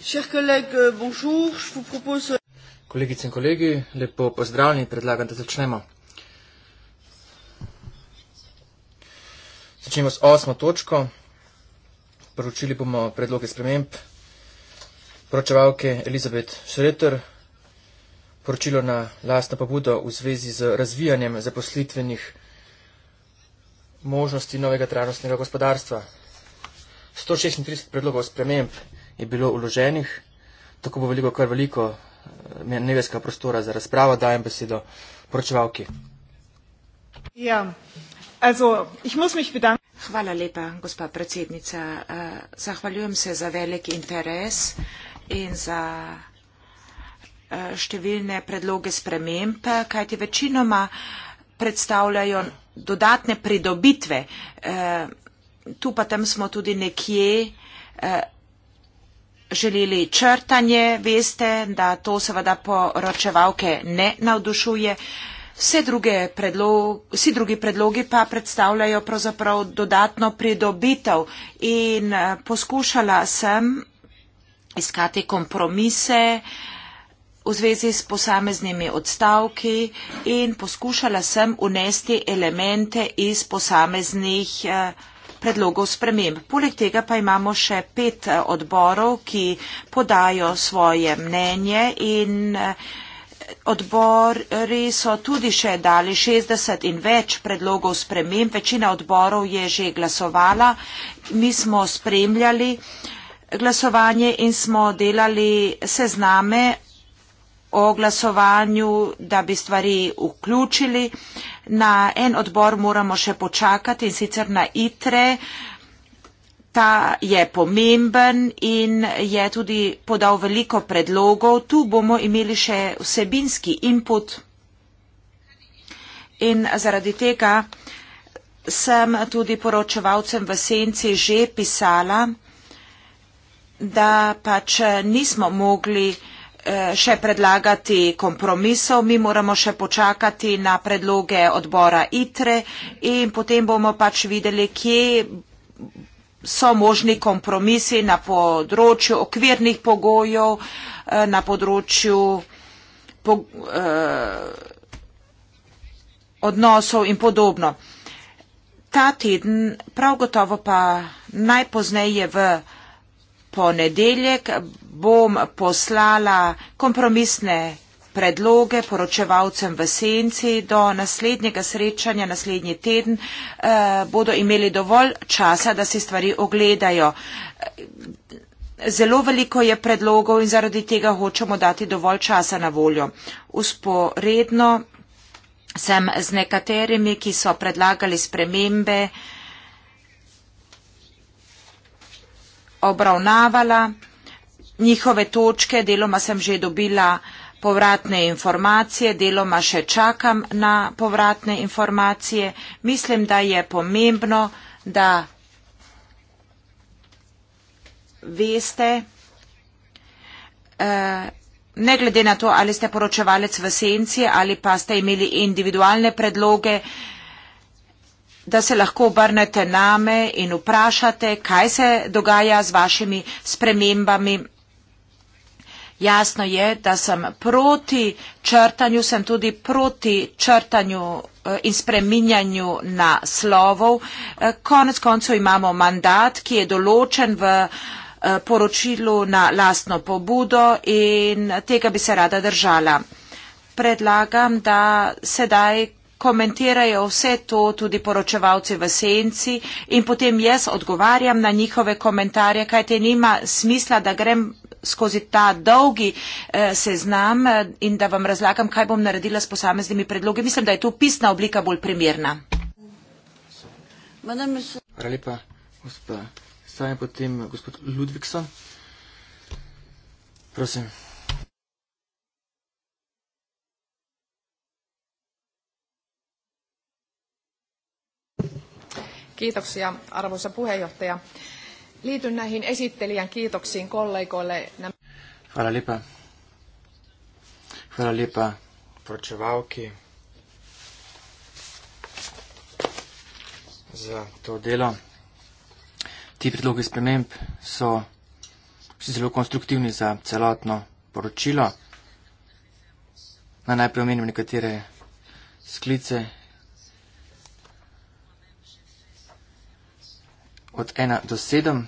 Euh, euh, Kolegice in kolegi, lepo pozdravljeni, predlagam, da začnemo. Začnemo s osmo točko. Poročili bomo predloge sprememb poročevalke Elizabet Šreter. Poročilo na lastno pobudo v zvezi z razvijanjem zaposlitvenih možnosti novega trajnostnega gospodarstva. 136 predlogov sprememb je bilo uloženih. Tako bo veliko, kar veliko eh, nevjeska prostora za razpravo. Dajem besedo poročevalki. Ja, also, ich muss mich bedanken. Hvala lepa, gospa predsednica. Uh, zahvaljujem se za velik interes in za uh, številne predloge sprememb, kajti večinoma predstavljajo dodatne pridobitve. Uh, tu pa tam smo tudi nekje uh, želeli črtanje, veste, da to seveda poročevalke ne navdušuje. Predlog, vsi drugi predlogi pa predstavljajo pravzaprav dodatno pridobitev in eh, poskušala sem iskati kompromise v zvezi s posameznimi odstavki in poskušala sem unesti elemente iz posameznih eh, predlogov sprememb. Poleg tega pa imamo še pet eh, odborov, ki podajo svoje mnenje in eh, odbori so tudi še dali 60 in več predlogov sprememb. Večina odborov je že glasovala. Mi smo spremljali eh, glasovanje in smo delali sezname o glasovanju, da bi stvari vključili. Na en odbor moramo še počakati in sicer na ITRE. Ta je pomemben in je tudi podal veliko predlogov. Tu bomo imeli še vsebinski input in zaradi tega sem tudi poročevalcem v senci že pisala, da pač nismo mogli uh, Eh, še predlagati kompromisov, mi moramo še počakati na predloge odbora ITRE in potem bomo pač videli, kje so možni kompromisi na področju okvirnih pogojev, eh, na področju eh, odnosov in podobno. Ta teden prav gotovo pa najpoznej je v odnosu, ponedeljek bom poslala kompromisne predloge poročevalcem v senci do naslednjega srečanja, naslednji teden eh, bodo imeli dovolj časa, da si stvari ogledajo. Zelo veliko je predlogov in zaradi tega hočemo dati dovolj časa na voljo. Usporedno sem z nekaterimi, ki so predlagali spremembe, eh, obravnavala njihove točke, deloma sem že dobila povratne informacije, deloma še čakam na povratne informacije. Mislim, da je pomembno, da veste, eh, ne glede na to, ali ste poročevalec v senci ali pa ste imeli individualne predloge, da se lahko obrnete name in vprašate, kaj se dogaja z vašimi spremembami. Jasno je, da sem proti črtanju, sem tudi proti črtanju eh, in spreminjanju naslovov. Eh, konec koncev imamo mandat, ki je določen v eh, poročilu na lastno pobudo in tega bi se rada držala. Predlagam, da sedaj komentirajo vse to tudi poročevalci v senci in potem jaz odgovarjam na njihove komentarje, kaj te nima smisla, da grem skozi ta dolgi eh, seznam eh, in da vam razlagam, kaj bom naredila s posameznimi predlogi. Mislim, da je tu pisna oblika bolj primirna. Hvala lepa, gospod. Stane potem gospod Ludvikson. Prosim. Kiitoksia, arvoisa puheenjohtaja. Liityn näihin esittelijän kiitoksiin kollegoille. Fala lipa. Fala lipa. Pročevalki. Za to delo. Ti predlogi sprememb so vsi zelo konstruktivni za celotno poročilo. Naj najprej omenim nekatere sklice, od 1 do 7.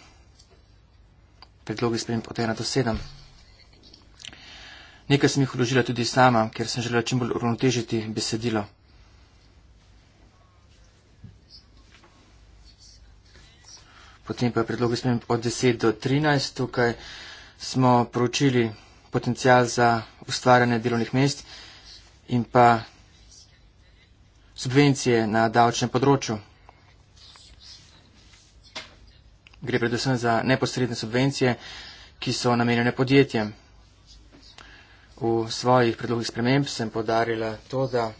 Predlogi sprememb od 1 do 7. Nekaj sem jih vložila tudi sama, ker sem želela čim bolj uravnotežiti besedilo. Potem pa je predlog sprememb od 10 do 13. Tukaj smo proučili potencial za ustvarjanje delovnih mest in pa subvencije na davčnem področju. Gre predvsem za neposredne subvencije, ki so namenjene podjetjem. V svojih predlogih sprememb sem podarila to, da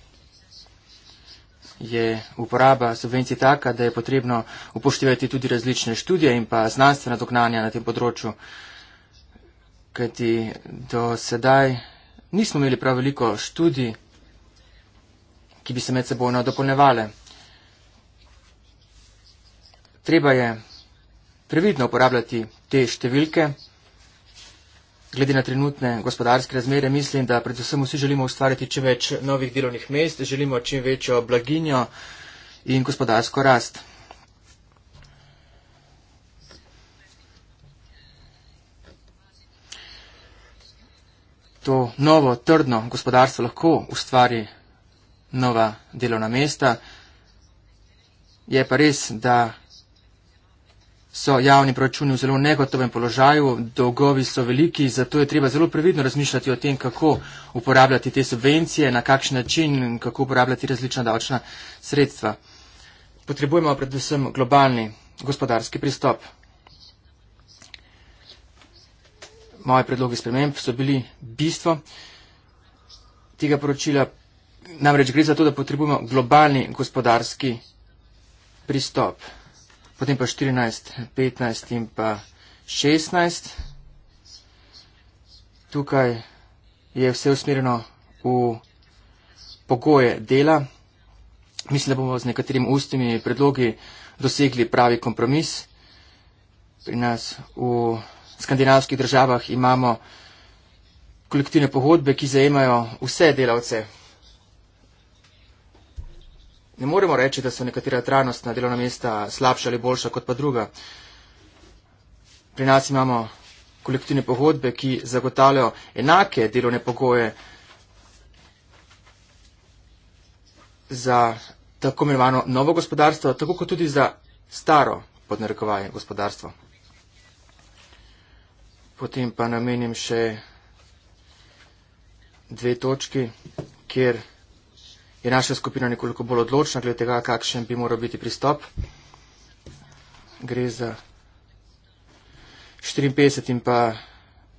je uporaba subvencij taka, da je potrebno upoštevati tudi različne študije in pa znanstvena dognanja na tem področju, kajti do sedaj nismo imeli prav veliko študij, ki bi se med sebojno dopolnevale. Treba je previdno uporabljati te številke. Glede na trenutne gospodarske razmere mislim, da predvsem vsi želimo ustvariti čim več novih delovnih mest, želimo čim večjo blaginjo in gospodarsko rast. To novo, trdno gospodarstvo lahko ustvari nova delovna mesta. Je pa res, da so javni proračuni v zelo negotovem položaju, dolgovi so veliki, zato je treba zelo previdno razmišljati o tem, kako uporabljati te subvencije, na kakšen način, kako uporabljati različna davčna sredstva. Potrebujemo predvsem globalni gospodarski pristop. Moje predlogi sprememb so bili bistvo tega poročila. Namreč gre za to, da potrebujemo globalni gospodarski pristop potem pa 14, 15 in pa 16. Tukaj je vse usmerjeno v pogoje dela. Mislim, da bomo z nekaterimi ustnimi predlogi dosegli pravi kompromis. Pri nas v skandinavskih državah imamo kolektivne pogodbe, ki zajemajo vse delavce Ne moremo reči, da so nekatera trajnostna delovna mesta slabša ali boljša kot pa druga. Pri nas imamo kolektivne pogodbe, ki zagotavljajo enake delovne pogoje za tako imenovano novo gospodarstvo, tako kot tudi za staro podnarekovaje gospodarstvo. Potem pa namenim še dve točki, kjer je naša skupina nekoliko bolj odločna glede tega, kakšen bi moral biti pristop. Gre za 54 in pa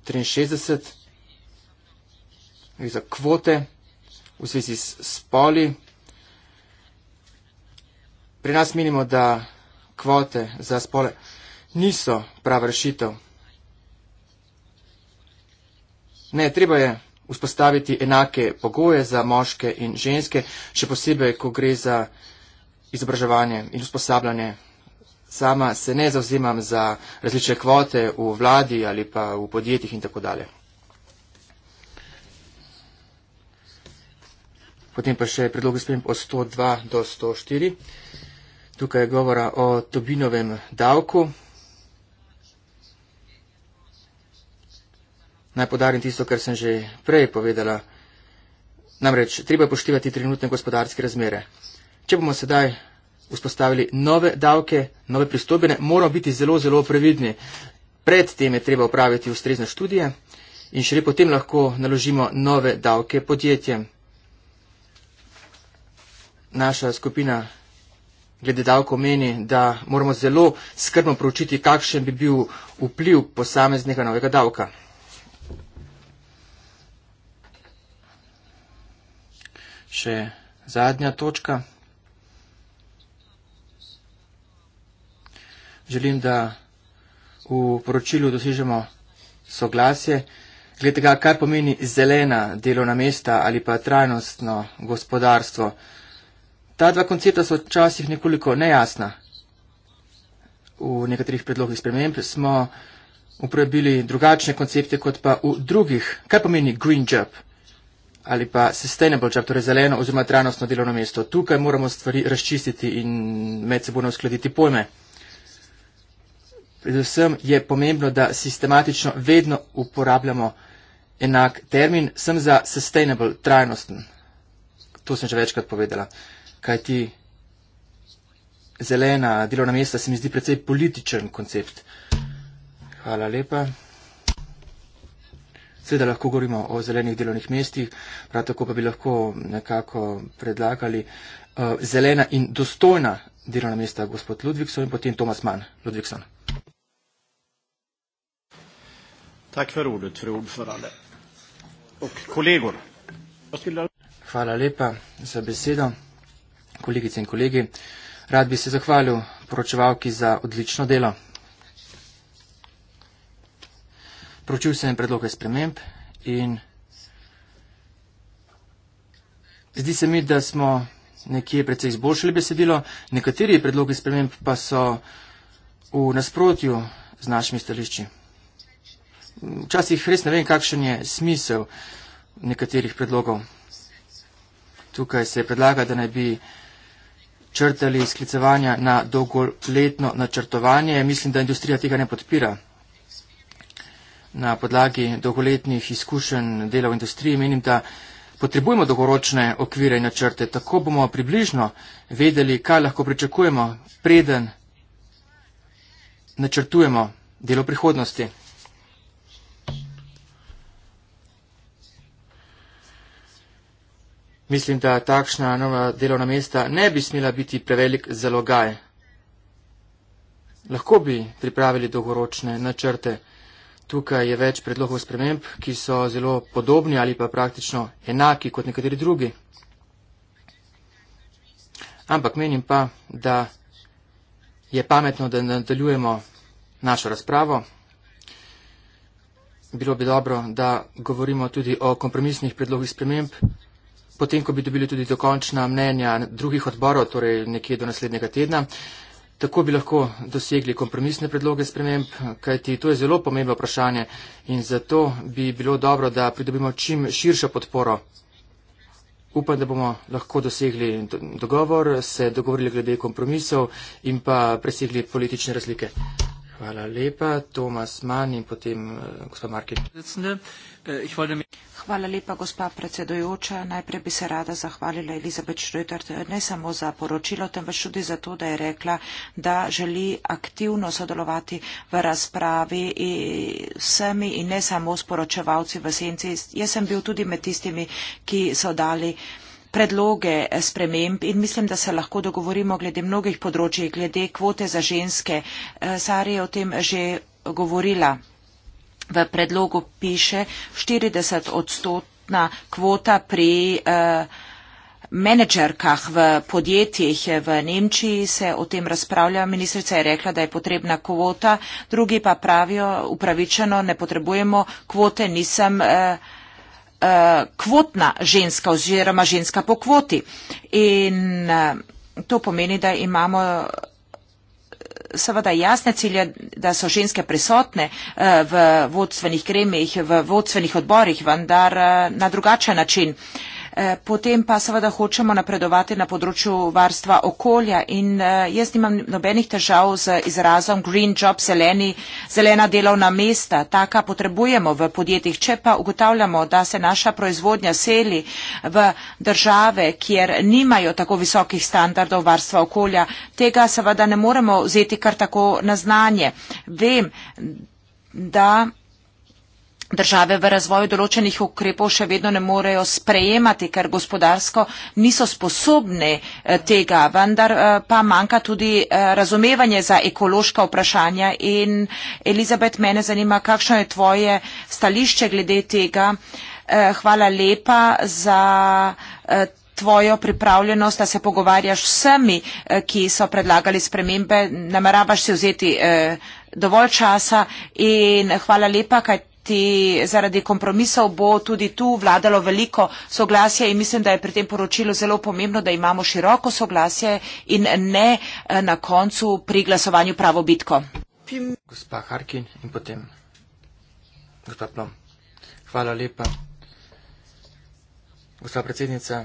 63, gre za kvote v zvezi s spoli. Pri nas menimo, da kvote za spole niso prava rešitev. Ne, treba je vzpostaviti enake pogoje za moške in ženske, še posebej, ko gre za izobraževanje in usposabljanje. Sama se ne zauzemam za različne kvote v vladi ali pa v podjetjih in tako dalje. Potem pa še predlog sprememb od 102 do 104. Tukaj je govora o Tobinovem davku. Naj podarim tisto, kar sem že prej povedala. Namreč, treba poštivati trenutne gospodarske razmere. Če bomo sedaj vzpostavili nove davke, nove pristopine, moramo biti zelo, zelo previdni. Predtem je treba upraviti ustrezne študije in šele potem lahko naložimo nove davke podjetjem. Naša skupina glede davko meni, da moramo zelo skrbno pročiti, kakšen bi bil vpliv posameznega novega davka. še zadnja točka. Želim, da v poročilu dosežemo soglasje glede tega, kaj pomeni zelena delovna mesta ali pa trajnostno gospodarstvo. Ta dva koncepta so včasih nekoliko nejasna. V nekaterih predlogih sprememb smo uporabili drugačne koncepte kot pa v drugih. Kaj pomeni green job? ali pa sustainable job, torej zeleno oziroma trajnostno delovno mesto. Tukaj moramo stvari razčistiti in medsebojno uskladiti pojme. Predvsem je pomembno, da sistematično vedno uporabljamo enak termin, sem za sustainable, trajnosten. To sem že večkrat povedala. Kaj ti zelena delovna mesta se mi zdi precej političen koncept. Hvala lepa. Seveda lahko govorimo o zelenih delovnih mestih, prav tako pa bi lahko nekako predlagali uh, zelena in dostojna delovna mesta, gospod Ludvikson in potem Tomas Mann. Ludvikson. Hvala lepa za besedo, kolegice in kolegi. Rad bi se zahvalil poročevalki za odlično delo. Pročil sem predloge sprememb in zdi se mi, da smo nekje predvsej izboljšali besedilo. Nekateri predloge sprememb pa so v nasprotju z našimi stališči. Včasih res ne vem, kakšen je smisel nekaterih predlogov. Tukaj se predlaga, da naj bi črtali sklicevanja na dolgoletno načrtovanje. Mislim, da industrija tega ne podpira na podlagi dolgoletnih izkušenj dela v industriji, menim, da potrebujemo dolgoročne okvire in načrte, tako bomo približno vedeli, kaj lahko pričakujemo, preden načrtujemo delo prihodnosti. Mislim, da takšna nova delovna mesta ne bi smela biti prevelik zalogaj. Lahko bi pripravili dolgoročne načrte. Tukaj je več predlogov sprememb, ki so zelo podobni ali pa praktično enaki kot nekateri drugi. Ampak menim pa, da je pametno, da nadaljujemo našo razpravo. Bilo bi dobro, da govorimo tudi o kompromisnih predlogih sprememb, potem, ko bi dobili tudi dokončna mnenja drugih odborov, torej nekje do naslednjega tedna. Tako bi lahko dosegli kompromisne predloge sprememb, kajti to je zelo pomembno vprašanje in zato bi bilo dobro, da pridobimo čim širšo podporo. Upam, da bomo lahko dosegli dogovor, se dogovorili glede kompromisov in pa presegli politične razlike. Hvala lepa. Tomas Mann in potem uh, eh, gospod Markin. Hvala lepa, gospa predsedojoča. Najprej bi se rada zahvalila Elizabet Šrejtart eh, ne samo za poročilo, temveč tudi za to, da je rekla, da želi aktivno sodelovati v razpravi eh, vsemi in ne samo s poročevalci v senci. Jaz sem bil tudi med tistimi, ki so dali. Uh, predloge eh, sprememb in mislim, da se lahko dogovorimo glede mnogih področji, glede kvote za ženske. Eh, Sari je o tem že govorila. V predlogu piše 40 odstotna kvota pri eh, menedžerkah v podjetjih v Nemčiji se o tem razpravlja. Ministrica je rekla, da je potrebna kvota, drugi pa pravijo upravičeno, ne potrebujemo kvote, nisem. Uh uh, kvotna ženska oziroma ženska po kvoti. In uh, to pomeni, da imamo eh, seveda jasne cilje, da so ženske prisotne uh, v vodstvenih gremih, v vodstvenih odborih, vendar uh, na drugačen način. Uh, Eh, potem pa seveda hočemo napredovati na področju varstva okolja in eh, jaz nimam nobenih težav z izrazom green job, zeleni, zelena delovna mesta, taka potrebujemo v podjetjih. Če pa ugotavljamo, da se naša proizvodnja seli v države, kjer nimajo tako visokih standardov varstva okolja, tega seveda ne moremo vzeti kar tako na znanje. Vem, da države v razvoju določenih ukrepov še vedno ne morejo sprejemati, ker gospodarsko niso sposobne eh, tega, vendar eh, pa manjka tudi eh, razumevanje za ekološka vprašanja. In Elizabet, mene zanima, kakšno je tvoje stališče glede tega. Hvala lepa za tvojo pripravljenost, da se pogovarjaš s vsemi, ki so predlagali spremembe. Nameravaš si vzeti dovolj časa in hvala lepa, kaj zaradi, zaradi kompromisov bo tudi tu vladalo veliko soglasje in mislim, da je pri tem poročilu zelo pomembno, da imamo široko soglasje in ne eh, na koncu pri glasovanju pravo bitko. Gospa Harkin in potem gospod Plom. Hvala lepa. Gospa predsednica,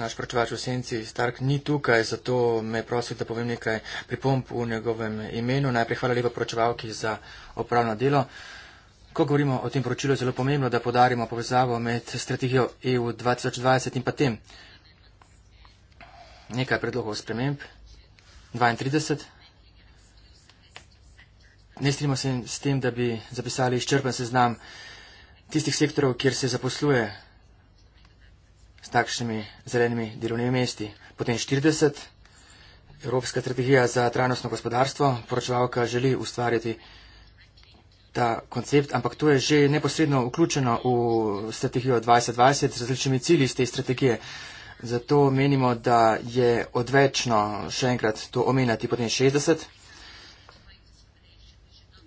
naš pročevač v senci Stark ni tukaj, zato me je prosil, da povem nekaj pripomp v njegovem imenu. Najprej hvala lepa pročevalki za opravno delo. Uh, Ko govorimo o tem poročilu, je zelo pomembno, da podarimo povezavo med strategijo EU 2020 in pa tem. Nekaj predlogov sprememb. 32. Ne strimo se s tem, da bi zapisali izčrpen seznam tistih sektorov, kjer se zaposluje s takšnimi zelenimi delovnimi mesti. Potem 40. Evropska strategija za trajnostno gospodarstvo. Poročevalka želi ustvarjati ta koncept, ampak to je že neposredno vključeno v strategijo 2020 z različnimi cilji iz te strategije. Zato menimo, da je odvečno še enkrat to omenjati potem 60.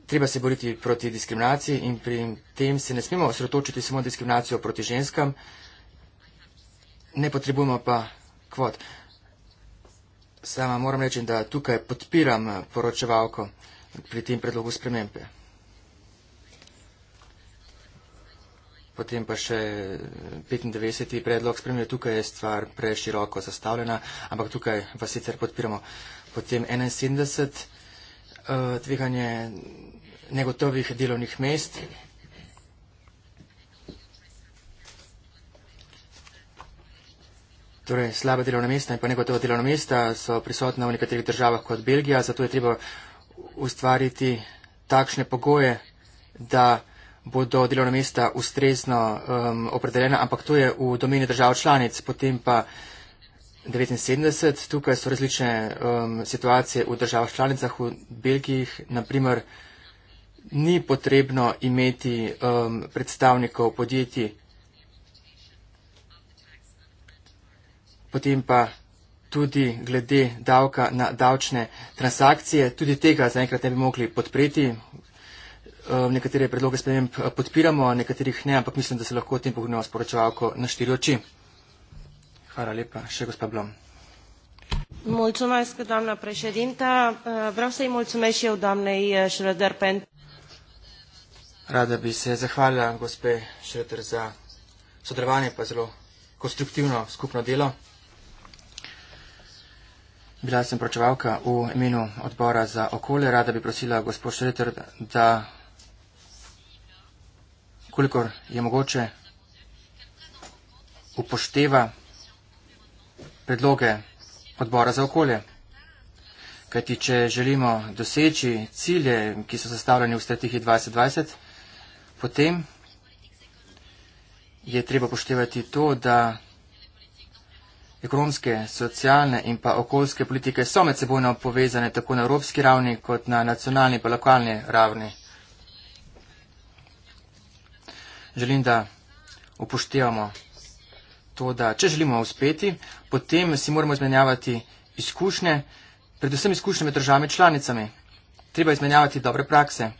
Treba se boriti proti diskriminaciji in pri tem se ne smemo osredotočiti samo diskriminacijo proti ženskam. Ne potrebujemo pa kvot. Sama moram reči, da tukaj podpiram poročevalko pri tem predlogu spremembe. potem pa še 95. predlog spremlja, tukaj je stvar preširoko zastavljena, ampak tukaj vas sicer podpiramo. Potem 71, eh, tveganje negotovih delovnih mest. Torej, slabe delovne mesta in pa negotovo delovne mesta so prisotne v nekaterih državah kot Belgija, zato je treba ustvariti takšne pogoje, da bodo delovna mesta ustrezno um, opredeljena, ampak to je v domeni držav članic. Potem pa 79, tukaj so različne um, situacije v državah članicah, v Belgiji, naprimer, ni potrebno imeti um, predstavnikov podjetij. Potem pa tudi glede davka na davčne transakcije, tudi tega zaenkrat ne bi mogli podpreti, nekatere predloge sprememb eh, podpiramo, nekaterih ne, ampak mislim, da se lahko o tem pogovorimo s poročevalko na štiri oči. Hvala lepa, še gospod Blom. Mulțumesc, doamna președintă. Eh, vreau să-i mulțumesc și eu, doamnei eh, Schröder, pentru... Rada bi se zahvalila gospe Schröder za sodelovanje pa zelo konstruktivno skupno delo. Bila sem pročevalka v imenu odbora za okolje. Rada bi prosila gospod Schröder, da kolikor je mogoče, upošteva predloge odbora za okolje. Kajti, če želimo doseči cilje, ki so zastavljeni v strategiji 2020, potem je treba poštevati to, da ekonomske, socialne in pa okoljske politike so med sebojno povezane tako na evropski ravni kot na nacionalni pa lokalni ravni. želim, da upoštevamo to, da če želimo uspeti, potem si moramo izmenjavati izkušnje, predvsem izkušnje med državami članicami. Treba izmenjavati dobre prakse.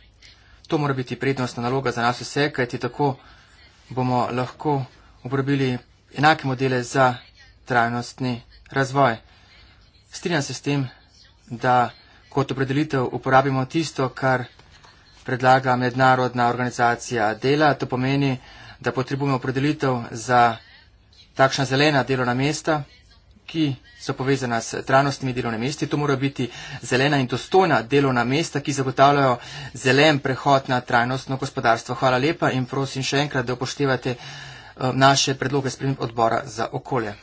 To mora biti prednostna naloga za nas vse, kajti tako bomo lahko uporabili enake modele za trajnostni razvoj. Strinjam se s tem, da kot opredelitev uporabimo tisto, kar predlaga mednarodna organizacija dela. To pomeni, da potrebujemo opredelitev za takšna zelena delovna mesta, ki so povezana s trajnostnimi delovnimi mesti. To mora biti zelena in dostojna delovna mesta, ki zagotavljajo zelen prehod na trajnostno gospodarstvo. Hvala lepa in prosim še enkrat, da upoštevate eh, naše predloge sprememb odbora za okolje.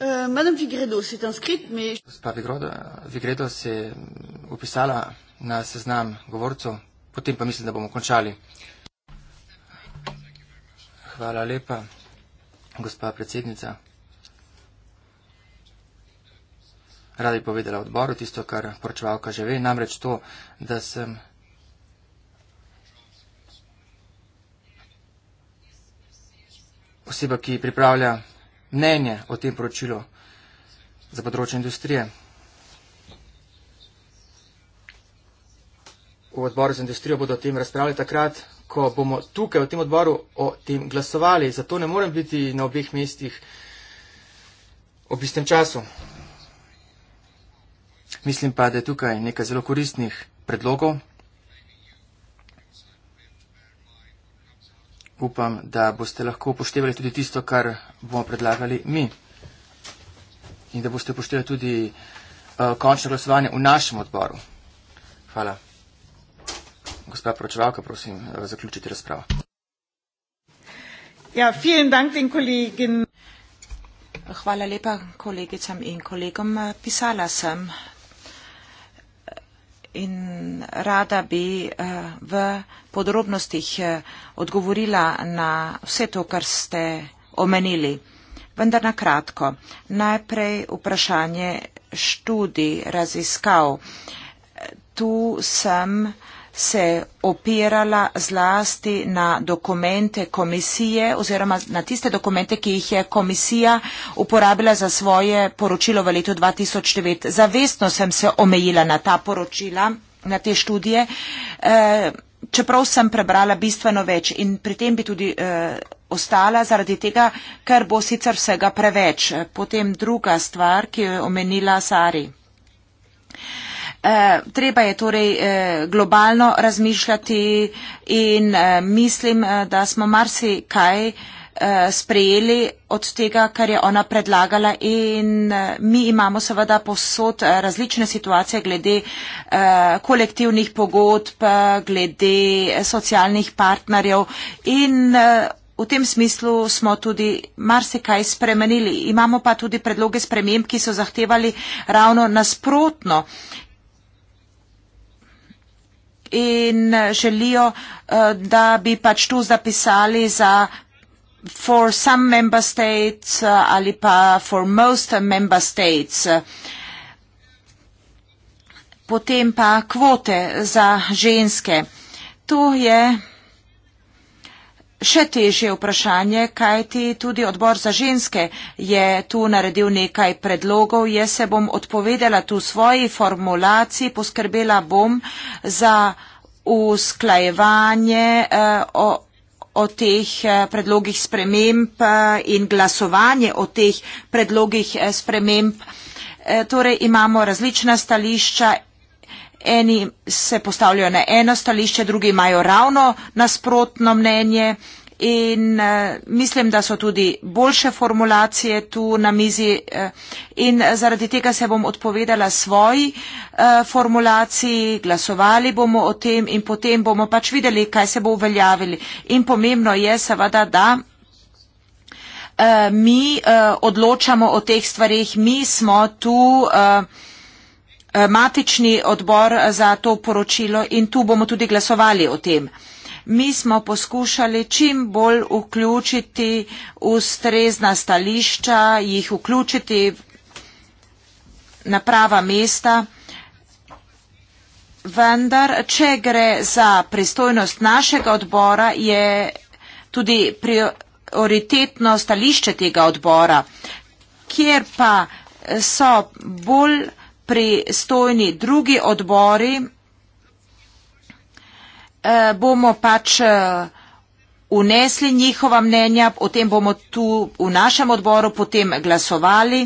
Eh, Gospa Vigredo se je upisala na seznam govorcev, potem pa mislim, da bomo končali. Hvala lepa, gospa predsednica. Rada bi povedala odboru tisto, kar poročevalka že ve, namreč to, da sem. Oseba, ki pripravlja mnenje o tem poročilu za področje industrije. v odboru za industrijo bodo o tem razpravljali takrat, ko bomo tukaj v tem odboru o tem glasovali. Zato ne morem biti na obeh mestih ob istem času. Mislim pa, da je tukaj nekaj zelo koristnih predlogov. Upam, da boste lahko upoštevali tudi tisto, kar bomo predlagali mi. In da boste upoštevali tudi uh, končno glasovanje v našem odboru. Hvala. Gospa poročevalka, prosim, eh, zaključite razpravo. Ja, vielen dank den Kollegen. Hvala lepa kolegicam in kolegom. Pisala sem eh, in rada bi eh, v podrobnostih odgovorila na vse to, kar ste omenili. Vendar na kratko. Najprej vprašanje študij, raziskav. Tu sem se opirala zlasti na dokumente komisije oziroma na tiste dokumente, ki jih je komisija uporabila za svoje poročilo v letu 2009. Zavestno sem se omejila na ta poročila, na te študije, eh, čeprav sem prebrala bistveno več in pri tem bi tudi eh, ostala zaradi tega, ker bo sicer vsega preveč. Potem druga stvar, ki jo je omenila Sari. Eh, treba je torej eh, globalno razmišljati in eh, mislim, da smo marsi kaj sprejeli od tega, kar je ona predlagala in mi imamo seveda posod različne situacije glede kolektivnih pogodb, glede socialnih partnerjev in v tem smislu smo tudi marsikaj spremenili. Imamo pa tudi predloge sprememb, ki so zahtevali ravno nasprotno, in eh, želijo, eh, da bi pač tu zapisali za for some member states eh, ali pa for most member states. Potem pa kvote za ženske. Tu je še težje vprašanje, kaj ti tudi odbor za ženske je tu naredil nekaj predlogov. Jaz se bom odpovedala tu svoji formulaciji, poskrbela bom za usklajevanje eh, o, o teh eh, predlogih sprememb eh, in glasovanje o teh predlogih eh, sprememb. Torej imamo različna stališča eni se postavljajo na eno stališče, drugi imajo ravno nasprotno mnenje in uh, mislim, da so tudi boljše formulacije tu na mizi uh, in zaradi tega se bom odpovedala svoji uh, formulaciji, glasovali bomo o tem in potem bomo pač videli, kaj se bo uveljavili. In pomembno je seveda, da uh, mi uh, odločamo o teh stvarih, mi smo tu. Uh, Eh, matični odbor za to poročilo in tu bomo tudi glasovali o tem. Mi smo poskušali čim bolj vključiti ustrezna stališča, jih vključiti na prava mesta, vendar, če gre za pristojnost našega odbora, je tudi prioritetno stališče tega odbora, kjer pa so bolj vključiti pristojni drugi odbori eh, bomo pač eh, unesli njihova mnenja, o tem bomo tu v našem odboru potem glasovali.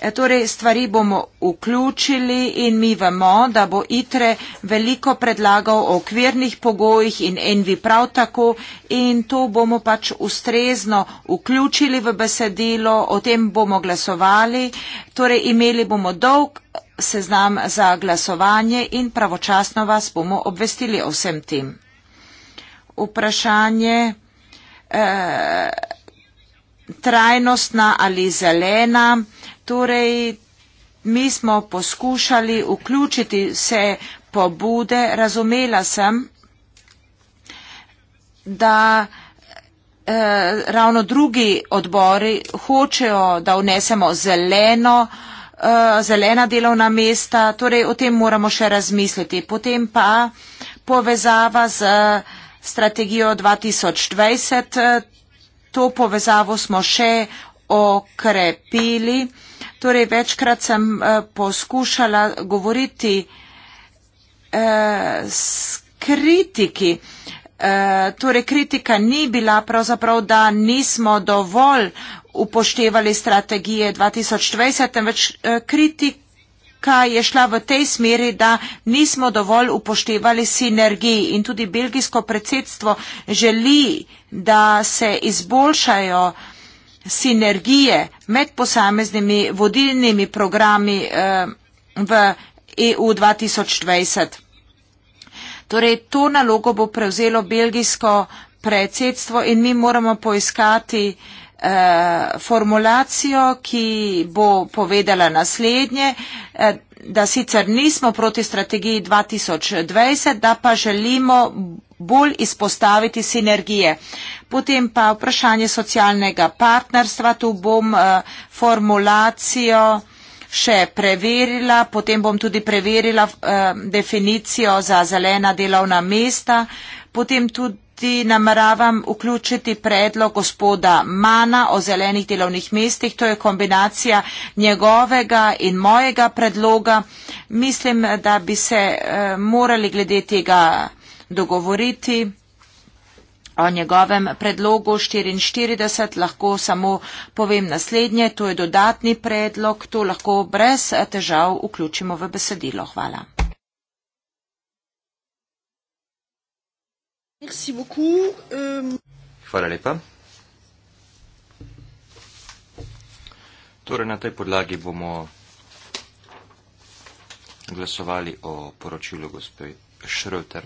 E, torej, stvari bomo vključili in mi vemo, da bo ITRE veliko predlagal o okvirnih pogojih in ENVI prav tako in to bomo pač ustrezno vključili v besedilo, o tem bomo glasovali, torej imeli bomo dolg seznam za glasovanje in pravočasno vas bomo obvestili o vsem tem. Vprašanje. Eh, trajnostna ali zelena. Eh, torej mi smo poskušali vključiti vse pobude. Razumela sem, da eh, ravno drugi odbori hočejo, da vnesemo zeleno, eh, zelena delovna mesta, torej o tem moramo še razmisliti. Potem pa povezava z strategijo 2020, eh, to povezavo smo še okrepili. Torej, večkrat sem uh, poskušala govoriti uh, s kritiki. Uh, torej, kritika ni bila pravzaprav, da nismo dovolj upoštevali strategije 2020, temveč uh, kritika je šla v tej smeri, da nismo dovolj upoštevali sinergiji in tudi belgijsko predsedstvo želi, da se izboljšajo uh, sinergije med posameznimi vodilnimi programi eh, v EU 2020. Torej, to nalogo bo prevzelo belgijsko predsedstvo in mi moramo poiskati eh, formulacijo, ki bo povedala naslednje, eh, da sicer nismo proti strategiji 2020, da pa želimo bolj izpostaviti sinergije. Potem pa vprašanje socialnega partnerstva, tu bom eh, formulacijo še preverila, potem bom tudi preverila eh, definicijo za zelena delovna mesta, potem tudi Namaravam vključiti predlog gospoda Mana o zelenih delovnih mestih. To je kombinacija njegovega in mojega predloga. Mislim, da bi se eh, morali glede tega dogovoriti. O njegovem predlogu 44 lahko samo povem naslednje, to je dodatni predlog, to lahko brez težav vključimo v besedilo. Hvala. Euh, Hvala lepa. Torej, na tej podlagi bomo glasovali o poročilu gospe Šrotr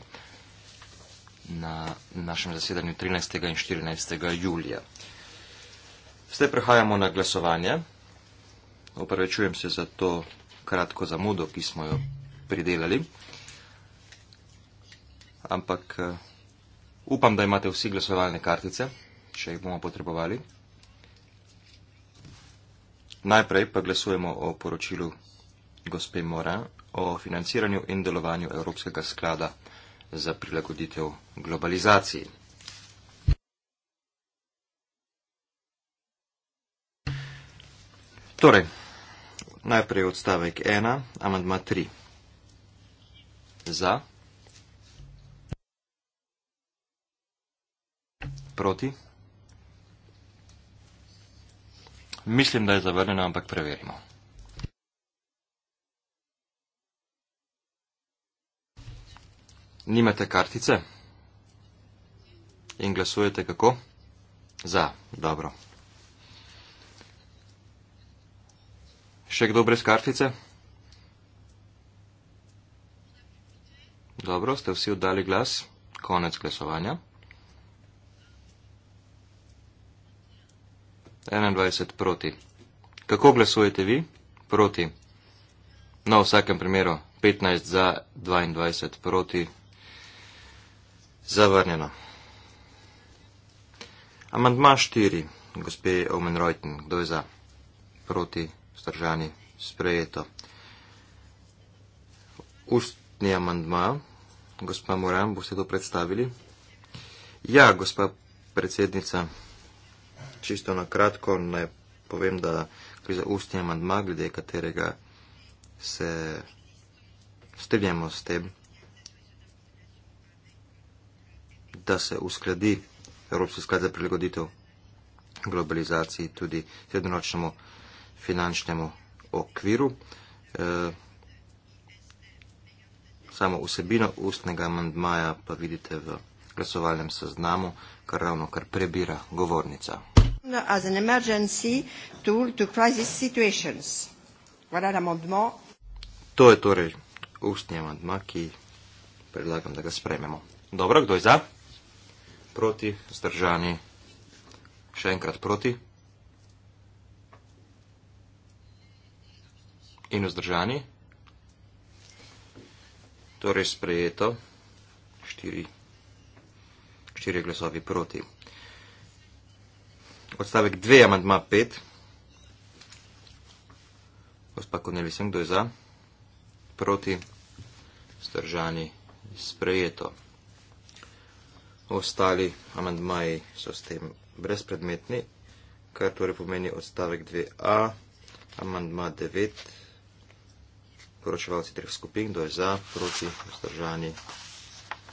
na našem zasedanju 13. in 14. julija. Zdaj prehajamo na glasovanje. Opravečujem se za to kratko zamudo, ki smo jo pridelali. Ampak eh, upam, da imate vsi glasovalne kartice, če jih bomo potrebovali. Najprej pa glasujemo o poročilu gospe Mora o financiranju in delovanju Evropskega sklada za prilagoditev globalizaciji. Torej, najprej odstavek 1, amandma 3. Za. Proti. Mislim, da je zavrnjeno, ampak preverimo. Nimate kartice? In glasujete kako? Za, dobro. Še kdo brez kartice? Dobro, ste vsi oddali glas. Konec glasovanja. 21 proti. Kako glasujete vi? Proti. No, v vsakem primeru 15 za, 22 proti. Zavrnjeno. Amandma štiri, gospe Omen Reutin, kdo je za proti stržani sprejeto. Ustni amandma, gospa Moran, boste to predstavili. Ja, gospa predsednica, čisto na kratko ne povem, da gre za ustni amandma, glede katerega se strinjamo s tem. da se uskladi Evropski sklad za prilagoditev globalizaciji tudi srednjeročnemu finančnemu okviru. E, samo vsebino ustnega mandmaja pa vidite v glasovalnem seznamu, kar ravno kar prebira govornica. No, as an emergency tool to crisis situations. To je torej ustni amandma, ki predlagam, da ga sprejmemo. Dobro, kdo je za? proti, zdržani, še enkrat proti in vzdržani. Torej sprejeto, štiri, štiri glasovi proti. Odstavek dve, amantma pet. Gospa Konelisen, kdo je za? Proti, zdržani, sprejeto ostali amandmaji so s tem brezpredmetni, kar torej pomeni odstavek 2a, amandma 9, poročevalci treh skupin, kdo je za, proti, vzdržani,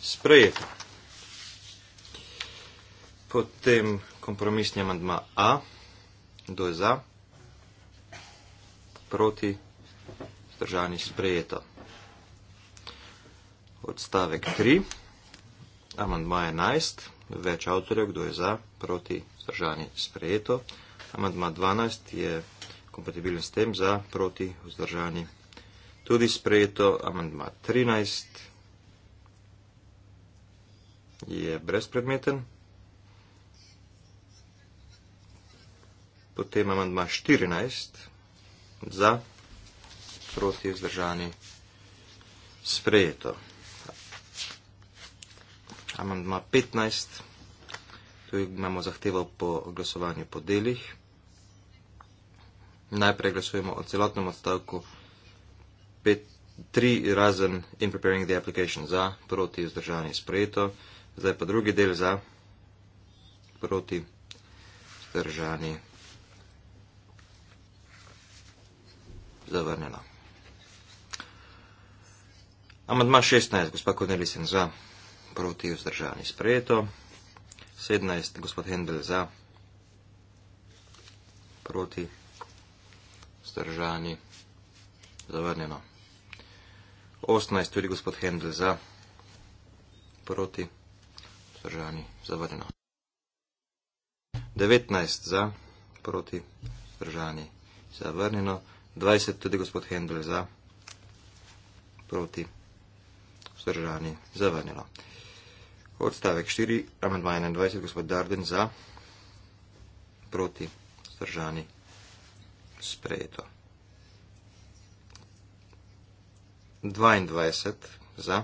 sprejet. Potem kompromisni amandma A, kdo je za, proti, vzdržani, sprejeto. Odstavek 3. Amandma 11, več avtorjev, kdo je za, proti, vzdržani, sprejeto. Amandma 12 je kompatibilen s tem, za, proti, vzdržani, tudi sprejeto. Amandma 13 je brezpredmeten. Potem amandma 14, za, proti, vzdržani, sprejeto. Amandma 15. Tu imamo zahtevo po glasovanju po delih. Najprej glasujemo o celotnem odstavku 3 razen in preparing the application za, proti vzdržanje sprejeto. Zdaj pa drugi del za, proti vzdržanje zavrnjeno. Amandma 16, gospod Kornelisen, za proti vzdržani sprejeto. 17, gospod Hendel za, proti vzdržani zavrnjeno. 18, tudi gospod Hendel za, proti vzdržani zavrnjeno. 19 za, proti vzdržani zavrnjeno. 20, tudi gospod Hendel za, proti vzdržani zavrnjeno. Odstavek 4, amandma 21, gospod Darden za, proti, stržani, sprejeto. 22 za,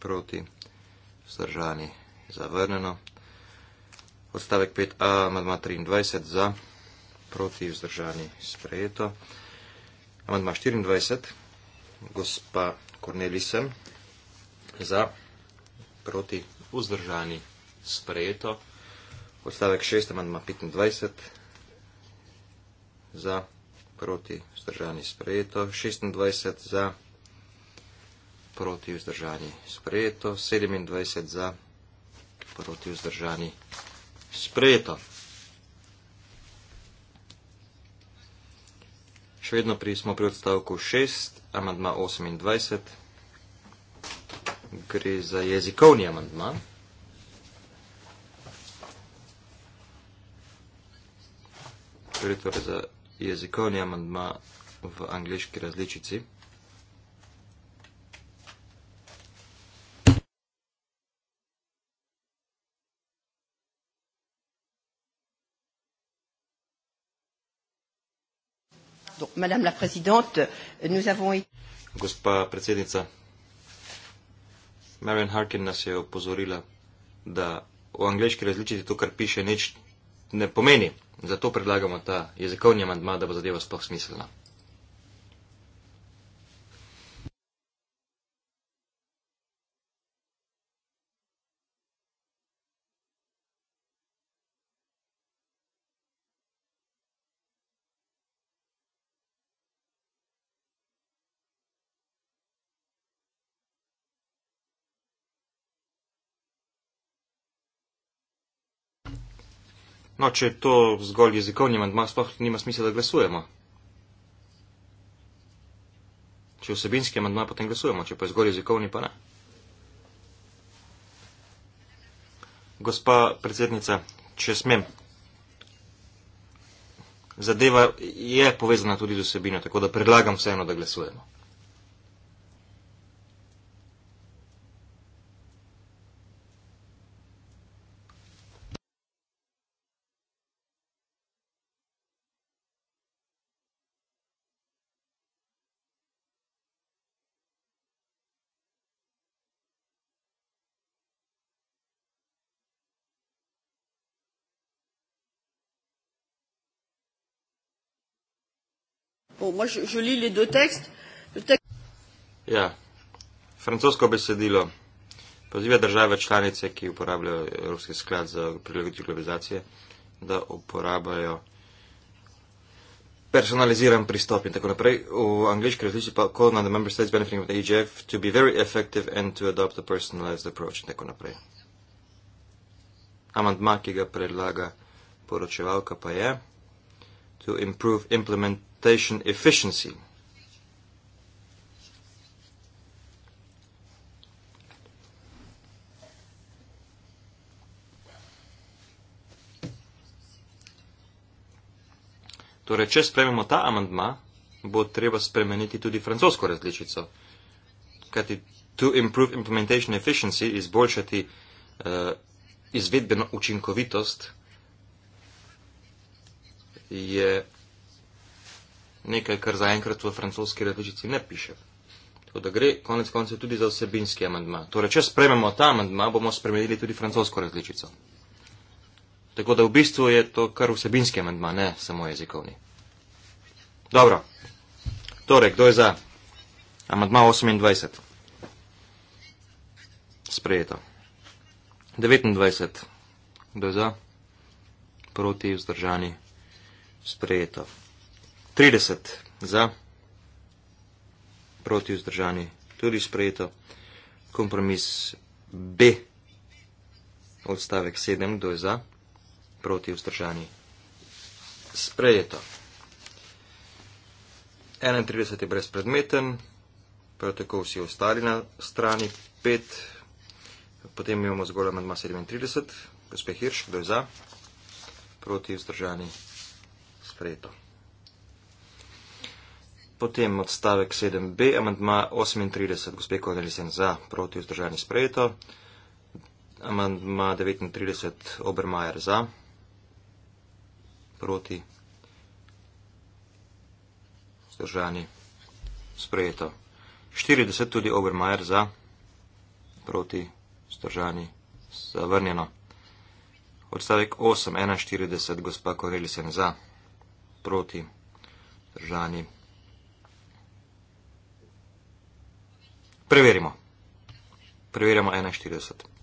proti, stržani, zavrneno. Odstavek 5a, amandma 23 za, proti, stržani, sprejeto. Amandma 24, gospa Kornelisem za, proti, stržani, zavrneno proti, vzdržani, sprejeto. Odstavek 6, amandma 25, za, proti, vzdržani, sprejeto. 26 za, proti, vzdržani, sprejeto. 27 za, proti, vzdržani, sprejeto. Še vedno pri, smo pri odstavku 6, amandma 28 gre za jezikovni amandma. Gre torej za jezikovni amandma v angliški različici. Madame la Présidente, nous avons... Gospa predsednica, Marion Harkin nas je opozorila, da v angliški različici to, kar piše, nič ne pomeni. Zato predlagamo ta jezikovni amandma, da bo zadeva sploh smiselna. No, če je to zgolj jezikovni mandma, sploh nima smisla, da glasujemo. Če vsebinski mandma, potem glasujemo, če pa je zgolj jezikovni, pa ne. Gospa predsednica, če smem, zadeva je povezana tudi z vsebino, tako da predlagam vseeno, da glasujemo. moi je, je lis les deux textes. Le texte... yeah. Ja. Francosko besedilo poziva države članice, ki uporabljajo Evropski sklad za prilagoditev globalizacije, da uporabljajo personaliziran pristop in tako naprej. V angliški različici pa call on the member states benefiting from the EGF to be very effective and to adopt a personalized approach in tako naprej. Amandma, ki ga predlaga poročevalka, pa je to improve implementation efficiency. Torej, če sprememo ta amandma, bo treba spremeniti tudi francosko različico. Kajti to improve implementation efficiency, izboljšati uh, izvedbeno učinkovitost, uh, je nekaj, kar zaenkrat v francoski različici ne piše. Tako da gre konec koncev tudi za osebinski amandma. Torej, če sprememo ta amandma, bomo spremenili tudi francosko različico. Tako da v bistvu je to kar vsebinski amandma, ne samo jezikovni. Dobro. Torej, kdo je za? Amandma 28. Sprejeto. 29. Kdo je za? Proti vzdržani sprejeto. 30 za, proti vzdržani tudi sprejeto. Kompromis B, odstavek 7, kdo je za, proti vzdržani sprejeto. 31 je brezpredmeten, prav tako vsi ostali na strani 5. Potem imamo zgolj amandma 37, gospe Hirš, kdo je za, proti vzdržani sprejeto sprejeto. Potem odstavek 7b, amantma 38, gospe Kodelisen za, proti vzdržanje sprejeto. Amantma 39, Obermajer za, proti vzdržanje sprejeto. 40, tudi Obermajer za, proti vzdržanje zavrnjeno. Odstavek 8, 41, gospa Kodelisen za proti držani. Preverimo. Preverimo 41.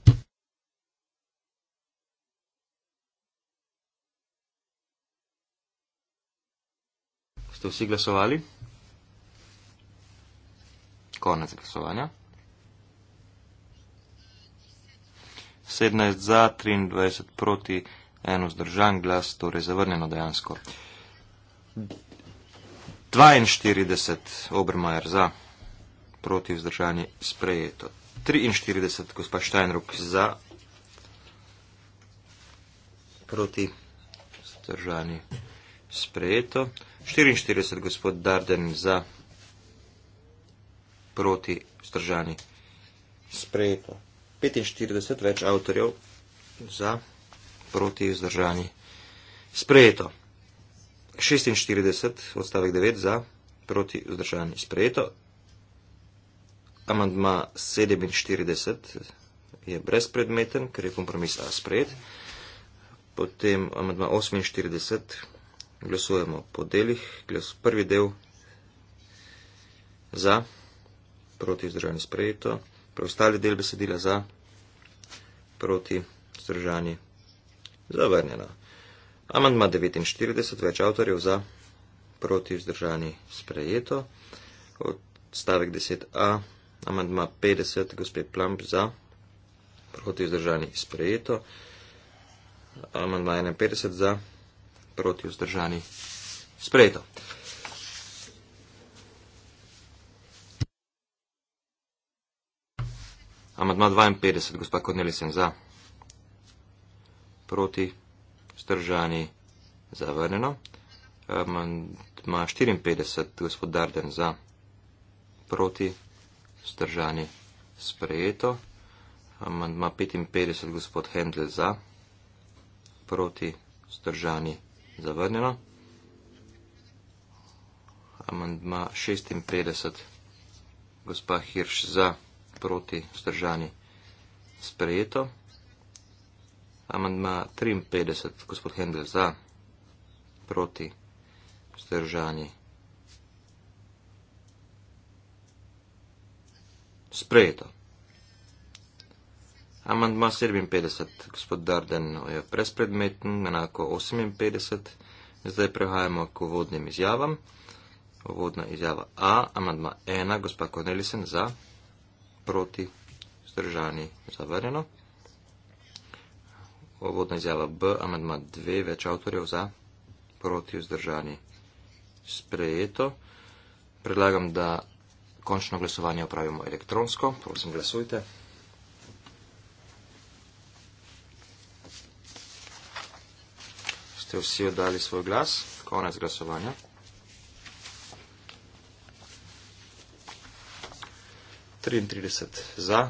Ste vsi glasovali? Konec glasovanja. 17 za, 23 proti, eno zdržan glas, torej zavrnjeno dejansko. 42 Obermajer za proti vzdržanje sprejeto. 43 gospa Štajnrok za proti vzdržanje sprejeto. 44 gospod Darden za proti vzdržanje sprejeto. 45 več avtorjev za proti vzdržanje sprejeto. 46 odstavek 9 za, proti vzdržanje sprejeto. Amandma 47 je brezpredmeten, ker je kompromis A sprejet. Potem amandma 48 glasujemo po delih. Glas prvi del za, proti vzdržanje sprejeto. Preostali del besedila za, proti vzdržanje zavrnjeno. Amandma 49, več avtorjev za, proti vzdržani sprejeto. Odstavek 10a, amandma 50, gospod Plamp za, proti vzdržani sprejeto. Amandma 51 za, proti vzdržani sprejeto. Amandma 52, gospod Kornelisen za, proti vzdržani sprejeto vzdržani, zavrnjeno. Ma 54, gospod Darden, za, proti, vzdržani, sprejeto. Ma 55, gospod Hendel, za, proti, vzdržani, zavrnjeno. Amandma 56, gospa Hirš za, proti, vzdržani, sprejeto. Amandma 53, gospod Hendel, za, proti, vzdržani. Sprejeto. Amandma 57, gospod Darden, je prespredmeten, enako 58. Zdaj prehajamo k uvodnim izjavam. Uvodna izjava A, amandma 1, gospod Kornelisen, za, proti, vzdržani, zavrjeno. Uvodna izjava B, amandma 2, več avtorjev za, proti vzdržani sprejeto. Predlagam, da končno glasovanje opravimo elektronsko. Prosim, glasujte. Ste vsi oddali svoj glas? Konec glasovanja. 33 za,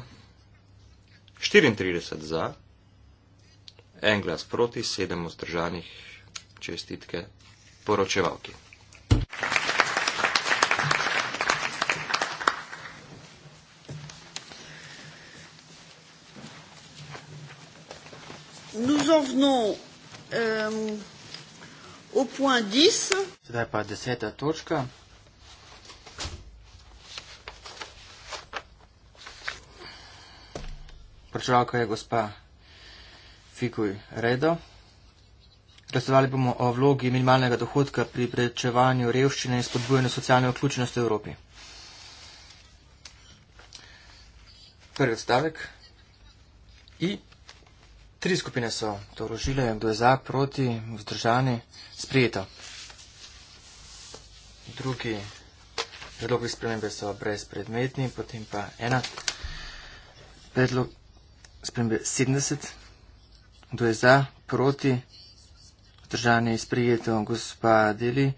34 za en glas proti, sedem vzdržanih čestitke poročevalki. Nous en venons euh, au point 10. C'est pas de cette touche. Pour je vois que je pas fikuj redo. Glasovali bomo o vlogi minimalnega dohodka pri prečevanju revščine in spodbujanju socialne vključenosti v Evropi. Prvi odstavek. I tri skupine so to rožile, kdo je za, proti, vzdržani, sprijeto. Drugi predlogi spremembe so brezpredmetni, potem pa ena predlog spremembe 70. Kdo je za, proti? Vzdržanje je sprijeto, gospa Deli.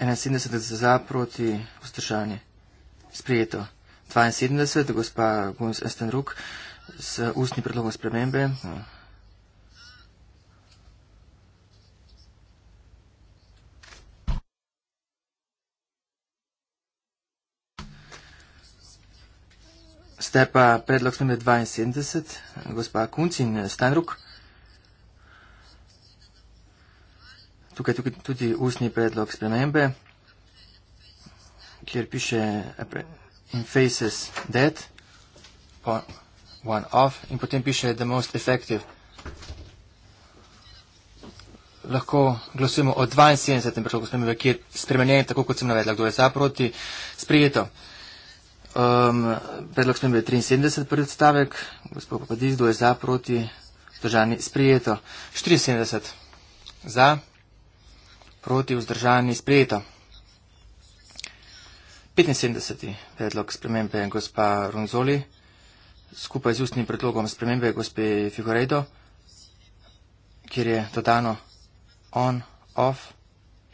71 je za, proti vzdržanje. Sprijeto. 72, gospa Gunz Estenruk, z ustnim predlogom spremembe. Uh -huh. ste pa predlog nr. 72, gospa Kunc in eh, Stanruk. Tukaj je tudi ustni predlog spremembe, kjer piše eh, in faces dead, one off in potem piše the most effective. Lahko glasujemo o 72. predlogu spremembe, kjer spremenjen, tako kot sem navedla, kdo je za proti, sprijeto. Um, predlog smembe je 73 predstavek, gospod Popadiz, kdo je za, proti, vzdržani, sprijeto. 74 za, proti, vzdržani, sprijeto. 75 predlog spremembe gospa Ronzoli, skupaj z ustnim predlogom spremembe gospe Figurejdo, kjer je dodano on, off,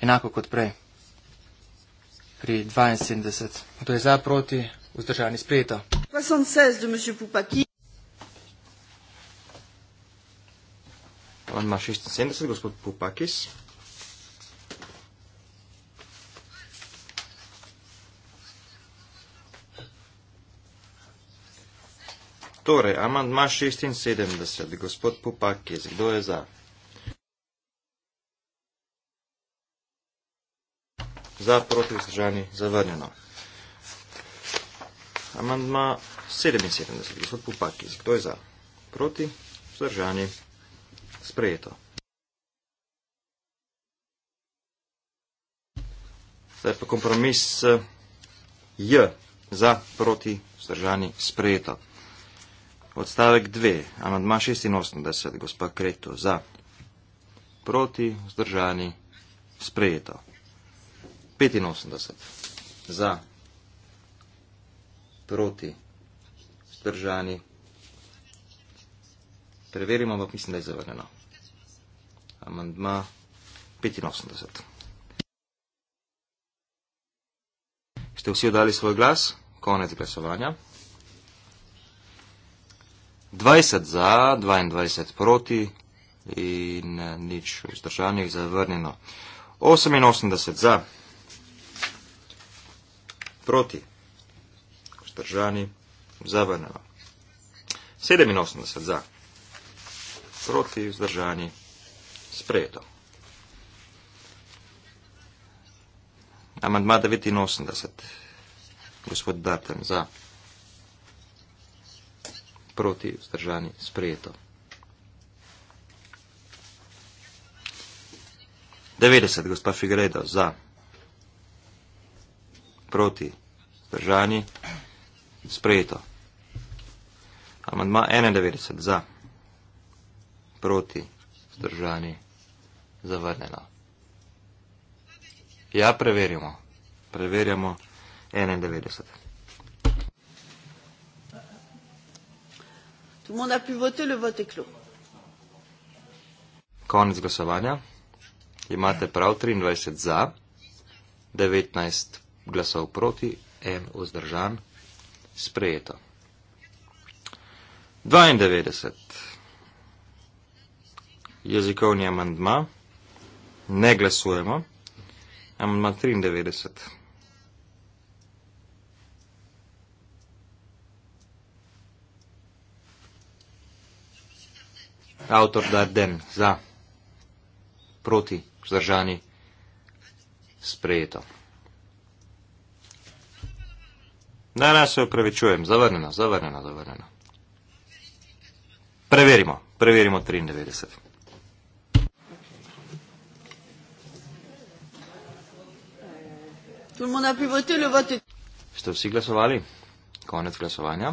enako kot prej. Pri 72. Kdo je za, proti, Vzdržani sprejeta. On ima 76, gospod Pupakis. Torej, amandma 76, gospod Pupakis, kdo je za? Za, proti, vzdržani, zavrnjeno. Amandma 77, gospod Pupakis, kdo je za? Proti? Vzdržani? Sprejeto. Zdaj pa kompromis J, za, proti, vzdržani, sprejeto. Odstavek 2, amandma 86, gospod Kreto, za, proti, vzdržani, sprejeto. 85, za, proti, zdržani. Preverimo, ampak mislim, da je zavrnjeno. Amandma 85. Ste vsi oddali svoj glas? Konec glasovanja. 20 za, 22 proti in nič vzdržanih zavrnjeno. 88 za, proti vzdržani, zavrneva. 87 za, proti vzdržani, sprejeto. Amandma 89, gospod Daten, za, proti vzdržani, sprejeto. 90, gospod Figredo, za, proti vzdržani, sprejeto sprejeto. Amandma 91 za, proti, zdržani, zavrnjeno. Ja, preverjamo. Preverjamo 91. Tout le monde a pu voter, le vote est clos. Konec glasovanja. Imate prav 23 za, 19 glasov proti, en vzdržan sprejeto. 92. Jezikovni amandma. Ne glasujemo. Amandma 93. Avtor Darden za. Proti. Zdržani. Sprejeto. Ne, ne, se opravičujem, zavrnjeno, zavrnjeno, zavrnjeno. Preverimo, preverimo 93. Ste vsi glasovali? Konec glasovanja.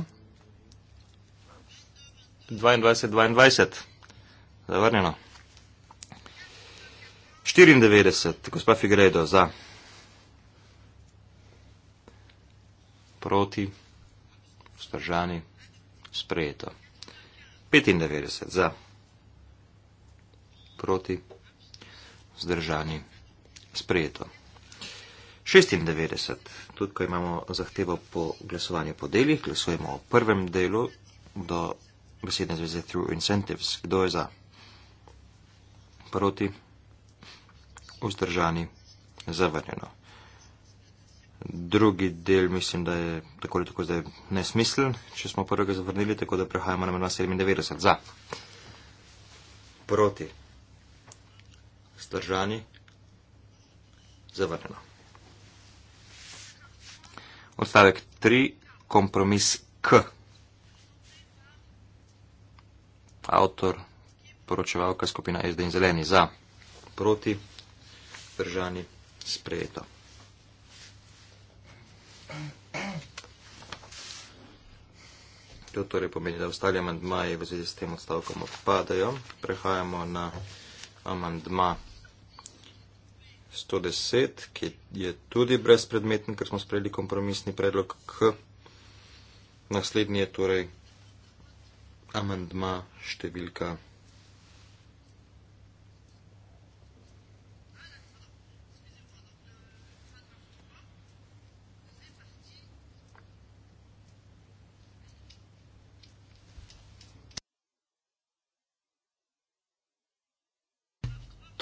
22, 22. Zavrnjeno. 94, gospa Figredo, za. proti, vzdržani, sprejeto. 95 za, proti, vzdržani, sprejeto. 96, tukaj imamo zahtevo po glasovanju po delih, glasujemo o prvem delu do besedne zveze through incentives. Kdo je za? Proti, vzdržani, zavrnjeno drugi del mislim, da je tako ali tako zdaj nesmislen, če smo prvega zavrnili, tako da prehajamo na 97. Za. Proti. Zdržani. Zavrnjeno. Odstavek 3. Kompromis K. Avtor poročevalka skupina SD in zeleni za. Proti. Zdržani. Sprejeto. To torej pomeni, da ostali amandmaji v zvezi s tem odstavkom odpadajo. Prehajamo na amandma 110, ki je tudi brezpredmeten, ker smo sprejeli kompromisni predlog k. Naslednji je torej amandma številka 110.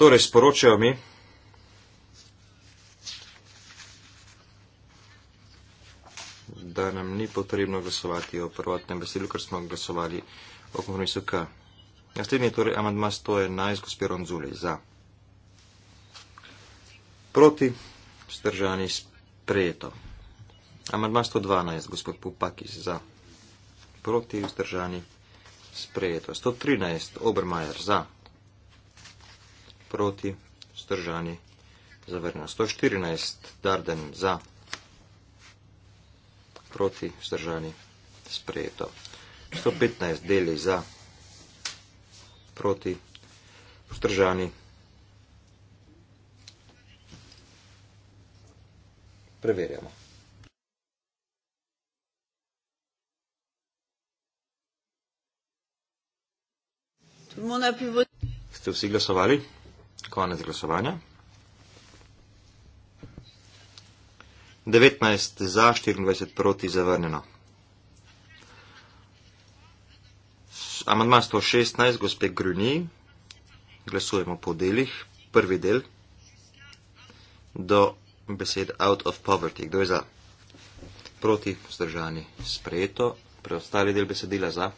Torej, sporočajo mi, da nam ni potrebno glasovati o prvotnem besedilu, ker smo glasovali o kompromisu K. Naslednji je torej amandma 111, gospod Ronzuli, za. Proti, stržani, sprejeto. Amandma 112, gospod Pupakis, za. Proti, stržani, sprejeto. 113, Obermajer, za proti, vzdržani, zavrnjeno. 114, Darden za, proti, vzdržani, sprejeto. 115, deli za, proti, vzdržani, preverjamo. Ste vsi glasovali? konec glasovanja. 19 za, 24 proti zavrnjeno. Amandma 116, gospe Gruni, glasujemo po delih. Prvi del do besed out of poverty. Kdo je za? Proti, vzdržani, sprejeto. Preostali del besedila za.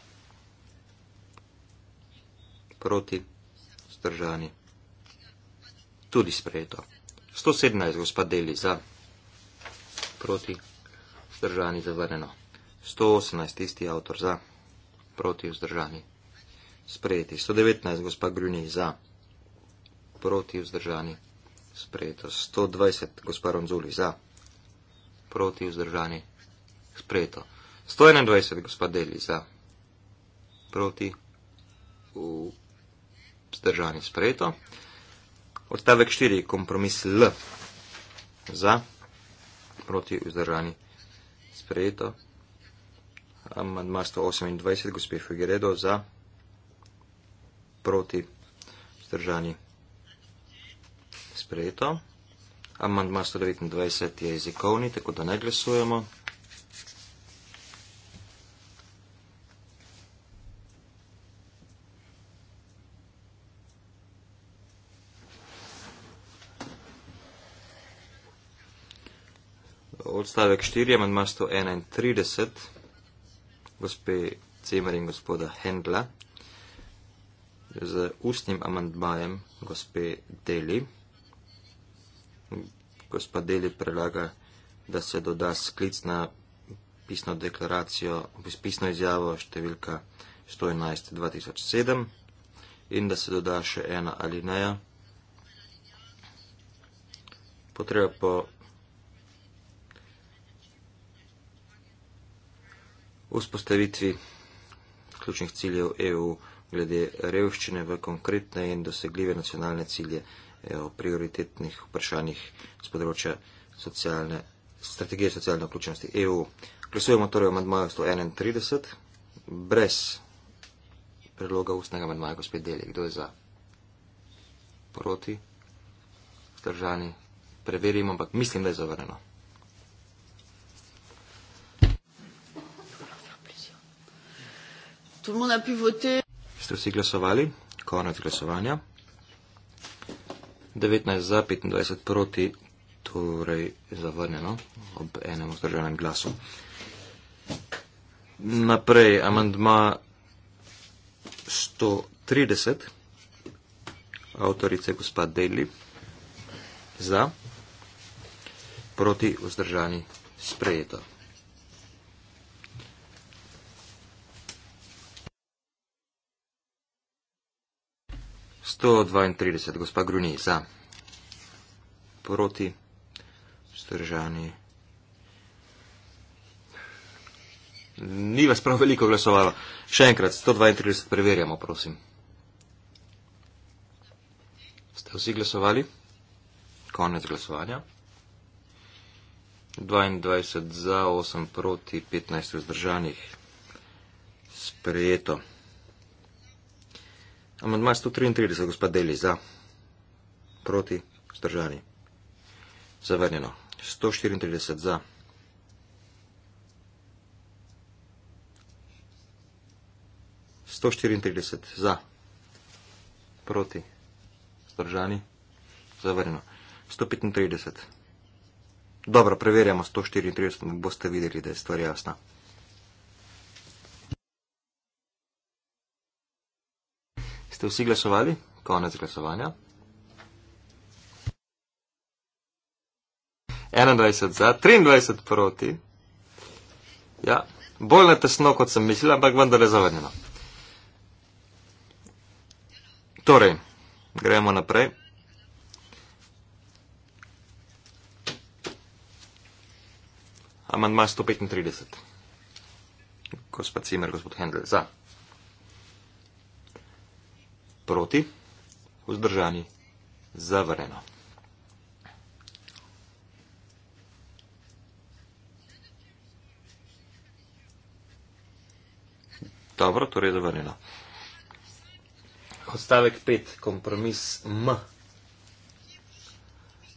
Proti, vzdržani, sprejeto tudi sprejeto. 117, gospod Deli, za, proti, vzdržani, zavrneno. 118, isti avtor, za, proti, vzdržani, sprejeti. 119, gospod Grunji, za, proti, vzdržani, sprejeto. 120, gospod Ronzuli, za, proti, vzdržani, sprejeto. 121, gospod Deli, za, proti, vzdržani, sprejeto. Odstavek 4. Kompromis L. Za, proti, vzdržani, sprejeto. Amandma 128, gospe Figueredo, za, proti, vzdržani, sprejeto. Amandma 129 je jezikovni, tako da ne glasujemo. odstavek 4, amandma 131, gospe Cemer in gospoda Hendla, z ustnim amandmajem gospe Deli. Gospa Deli predlaga, da se doda sklic na pisno deklaracijo, pisno izjavo številka 111 2007 in da se doda še ena alineja. Potreba po vzpostavitvi ključnih ciljev EU glede revščine v konkretne in dosegljive nacionalne cilje e, o prioritetnih vprašanjih z področja socialne, strategije socialne vključenosti EU. Glasujemo torej o amandmaju 131 brez predloga ustnega amandmaja, gospod Deli. Kdo je za? Proti? Zdržani? Preverimo, ampak mislim, da je zavrneno. Tout le monde a pu voter. Ste vsi glasovali? Konec glasovanja. 19 za, 25 proti, torej zavrnjeno ob enem vzdržanem glasu. Naprej, amandma 130, avtorice gospa Deli, za, proti vzdržani sprejeto. 132, gospa Gruni, za. Proti, vzdržani. Ni vas prav veliko glasovalo. Še enkrat, 132 preverjamo, prosim. Ste vsi glasovali? Konec glasovanja. 22 za, 8 proti, 15 vzdržanih. Sprejeto. Amandma 133, gospod Deli, za, proti, stržani. Zavrnjeno. 134 za. Sto štiriintrideset za, proti, zdržani, zavrnjeno. Sto petintrideset. Dobro, preverjamo sto štiriintrideset, boste videli, da je stvar jasna. Ste vsi glasovali? Konec glasovanja. 21 za, 23 proti. Ja, bolj netesno, kot sem mislila, ampak vendar je zavrnjeno. Torej, gremo naprej. Amandma 135. Gospod Cimer, gospod Hendel, za. Proti, vzdržani, zavreno. Dobro, torej zavreno. Odstavek 5, kompromis M.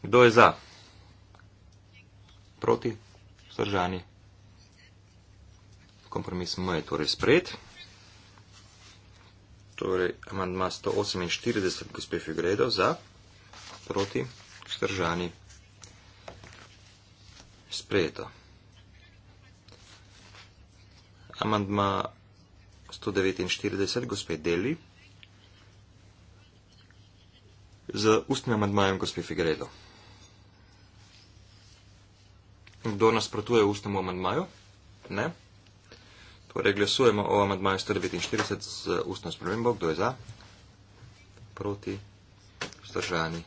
Kdo je za? Proti, vzdržani. Kompromis M je torej sprejet. Torej, amandma 148, gospe Figredo, za, proti, vzdržani. Sprejeto. Amandma 149, gospe Deli, z ustnim amandmajem gospe Figredo. Kdo nasprotuje ustnemu amandmaju? Ne. Torej, glasujemo o amadmaju 149 z ustno spremembo. Kdo je za? Proti? Vzdržani?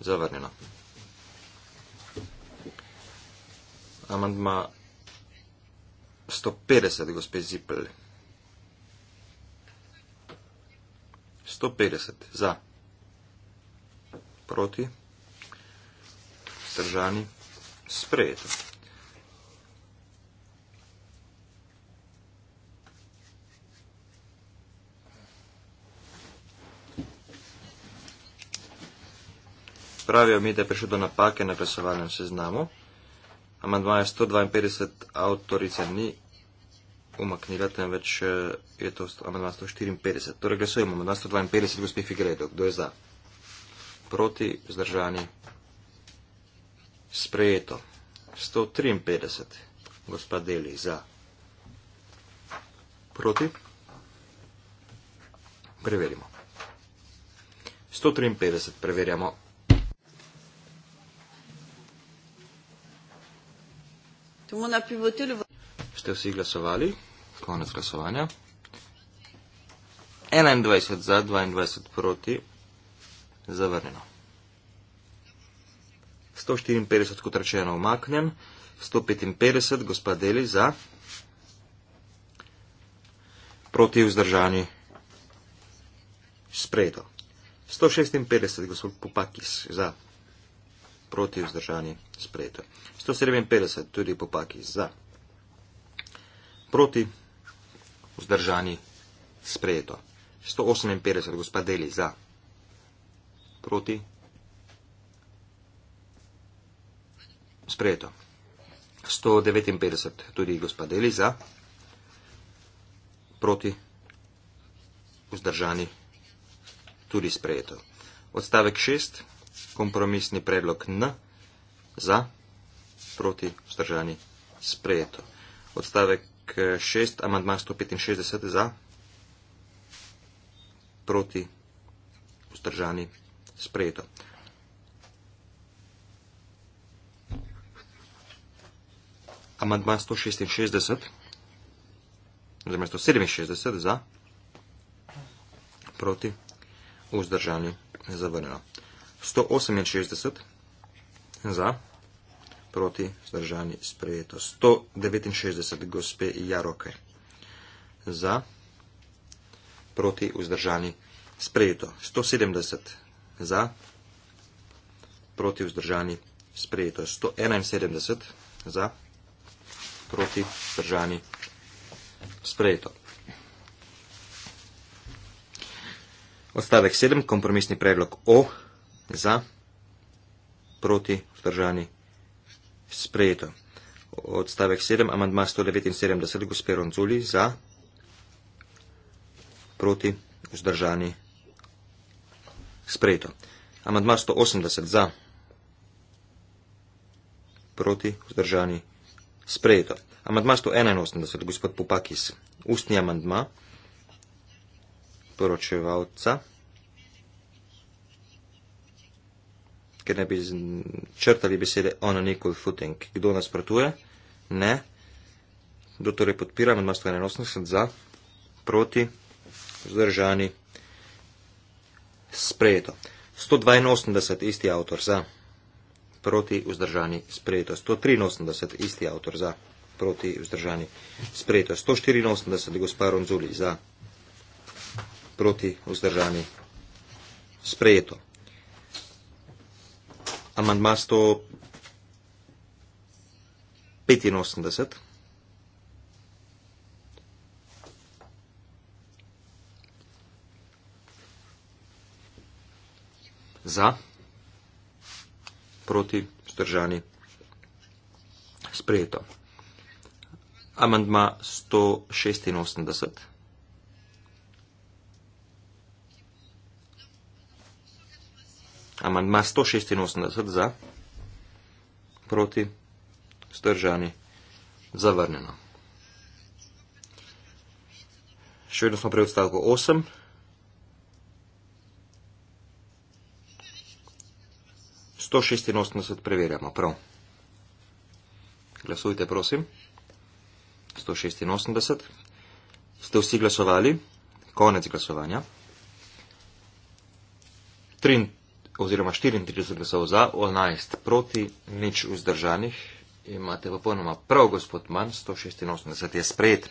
Zavrnjeno. Amandma 150, gospe Zipel. 150 za. Proti? Vzdržani? Sprejeto. razpravi omete prišlo do napake na glasovalnem seznamu. Amandmaja 152 avtorica ni umaknila, temveč eh, je to amandma 154. Torej glasujemo, amandma 152, gospod Figredo, kdo je za? Proti, zdržani, sprejeto. 153, gospod Deli, za. Proti? Preverimo. 153, preverjamo. Tout le monde a pu voter le vote. Ste vsi glasovali? Konec glasovanja. 21 za, 22 proti. Zavrnjeno. 154, kot rečeno, omaknjen. 155, gospa Deli, za. Proti vzdržani. Sprejeto. 156, gospod Popakis, za proti vzdržani sprejeto. 157 tudi popaki za. Proti vzdržani sprejeto. 158 gospod Deli za. Proti sprejeto. 159 tudi gospod Deli za. Proti vzdržani tudi sprejeto. Odstavek 6 kompromisni predlog N za proti vzdržani sprejeto. Odstavek 6, eh, amandma 165 za proti vzdržani sprejeto. Amandma 166, oziroma 167 za proti vzdržani zavrnjeno. 168 za, proti, zdržani, sprejeto. 169 gospe Jaroke za, proti, vzdržani, sprejeto. 170 za, proti, vzdržani, sprejeto. 171 za, proti, vzdržani, sprejeto. Odstavek 7, kompromisni predlog o za, proti, vzdržani, sprejeto. Odstavek 7, amandma 179, gospe Ronculi, za, proti, vzdržani, sprejeto. Amandma 180, za, proti, vzdržani, sprejeto. Amandma 181, gospod Popakis, ustni amandma poročevalca. ker ne bi črtali besede on an equal footing. Kdo nasprotuje? Ne. Kdo torej podpira? Med mastu 81 za, proti, vzdržani, sprejeto. 182 isti avtor za, proti, vzdržani, sprejeto. 183 isti avtor za, proti, vzdržani, sprejeto. 184 gospa Ronzuli za, proti, vzdržani, sprejeto amandma 185. Za, proti, vzdržani, sprejeto. Amandma 186. Amandma 186 za, proti, stržani, zavrnjeno. Še vedno smo pri odstavku 8. Sto šestinosemdeset preverjamo, prav. Glasujte, prosim. Sto šestinosemdeset. Ste vsi glasovali? Konec glasovanja oziroma 34 glasov za, 11 proti, nič vzdržanih. Imate popolnoma prav, gospod Mann, 186 je sprejet.